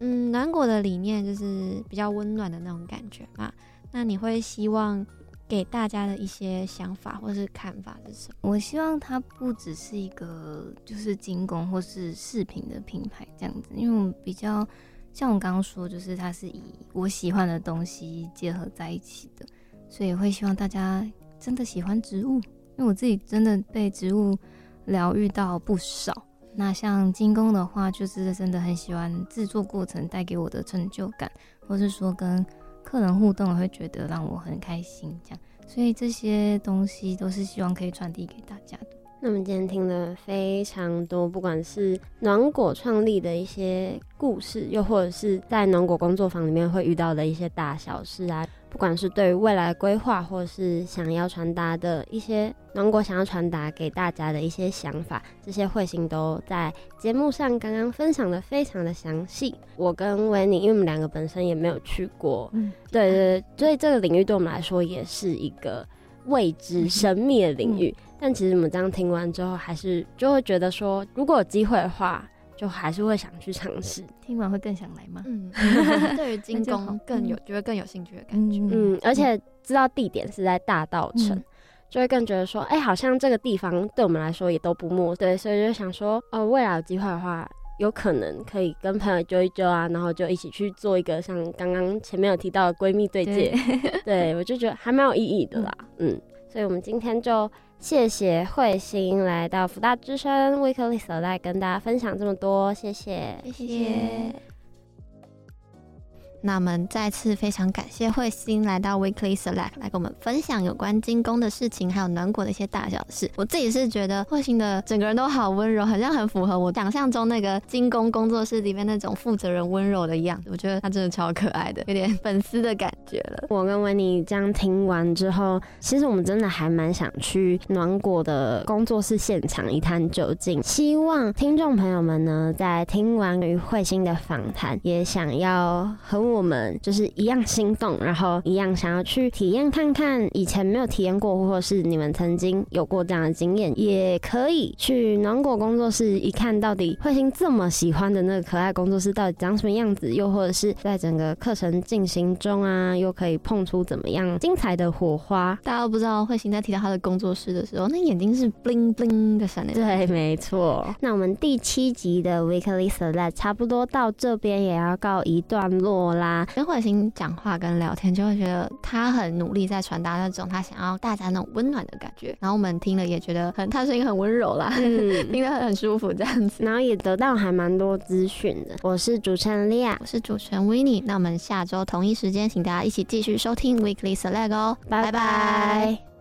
嗯，暖果的理念就是比較溫暖的那種感覺嘛。那你會希望給大家的一些想法或是看法是什麼？我希望它不只是一個就是金工或是飾品的品牌這樣子，因為我比較像我剛剛說，就是它是以我喜歡的東西結合在一起的，所以會希望大家真的喜歡植物，因為我自己真的被植物療癒到不少。那像金工的話，就是真的很喜歡製作過程帶給我的成就感，或是說跟客人互動，會覺得讓我很開心，這樣。所以這些東西都是希望可以傳遞給大家的。那我們今天聽了非常多，不管是暖果創立的一些故事，又或者是在暖果工作坊裡面會遇到的一些大小事啊。不管是對於未來規劃，或是想要傳達的一些暖果想要傳達給大家的一些想法，這些惠欣都在節目上剛剛分享的非常的詳細。我跟維尼，因為我們兩個本身也沒有去過，嗯，對對對，嗯、所以這個領域對我們來說也是一個未知神秘的領域。嗯、但其實我們這樣聽完之後，還是就會覺得說，如果有機會的話。就還是會想去嘗試，聽完會更想來嗎？嗯， 對於金工更有就,就會更有興趣的感覺。嗯，而且知道地點是在大稻埕，嗯、就會更覺得說，哎、欸，好像這個地方對我們來說也都不陌生，對，所以就想說，哦，未來有機會的話，有可能可以跟朋友揪一揪啊，然後就一起去做一個像剛剛前面有提到的閨蜜對戒，對,對我就覺得還蠻有意義的啦，嗯,嗯，所以我們今天就。謝謝惠欣來到福大之聲 Weekly Show 來跟大家分享這麼多，謝謝，謝謝。謝謝。那我們再次非常感謝惠欣來到 Weekly Select 來跟我們分享有關金工的事情，還有暖果的一些大小事。我自己是覺得惠欣的整個人都好溫柔，好像很符合我想象中那個金工工作室裡面那種負責人溫柔的樣子。我覺得她真的超可愛的，有點粉絲的感覺了。我跟 Winnie 將聽完之後，其實我們真的還蠻想去暖果的工作室現場一探究竟。希望聽眾朋友們呢，在聽完與惠欣的訪談，也想要和。我。我們就是一樣心動，然後一樣想要去體驗看看以前沒有體驗過，或者是你們曾經有過這樣的經驗，也可以去暖果工作室一看到底惠欣這麼喜歡的那個可愛工作室到底長什麼樣子，又或者是在整個課程進行中啊，又可以碰出怎麼樣精彩的火花。大家都不知道惠欣在提到他的工作室的時候，那眼睛是布靈布靈的閃亮！對，沒錯。 那我們第七集的 Weekly Select 差不多到這邊也要告一段落了。跟彗星講話跟聊天，就會覺得他很努力在傳達那種他想要大家那種溫暖的感覺。然後我們聽了也覺得很，他是音很溫柔啦，嗯、 聽得很舒服這樣子。然後也得到還蠻多資訊的。我是主持人 Lia，我是主持人 w i n n i e，那我們下周同一時間，請大家一起繼續收聽 Weekly Select 哦。Bye 拜拜。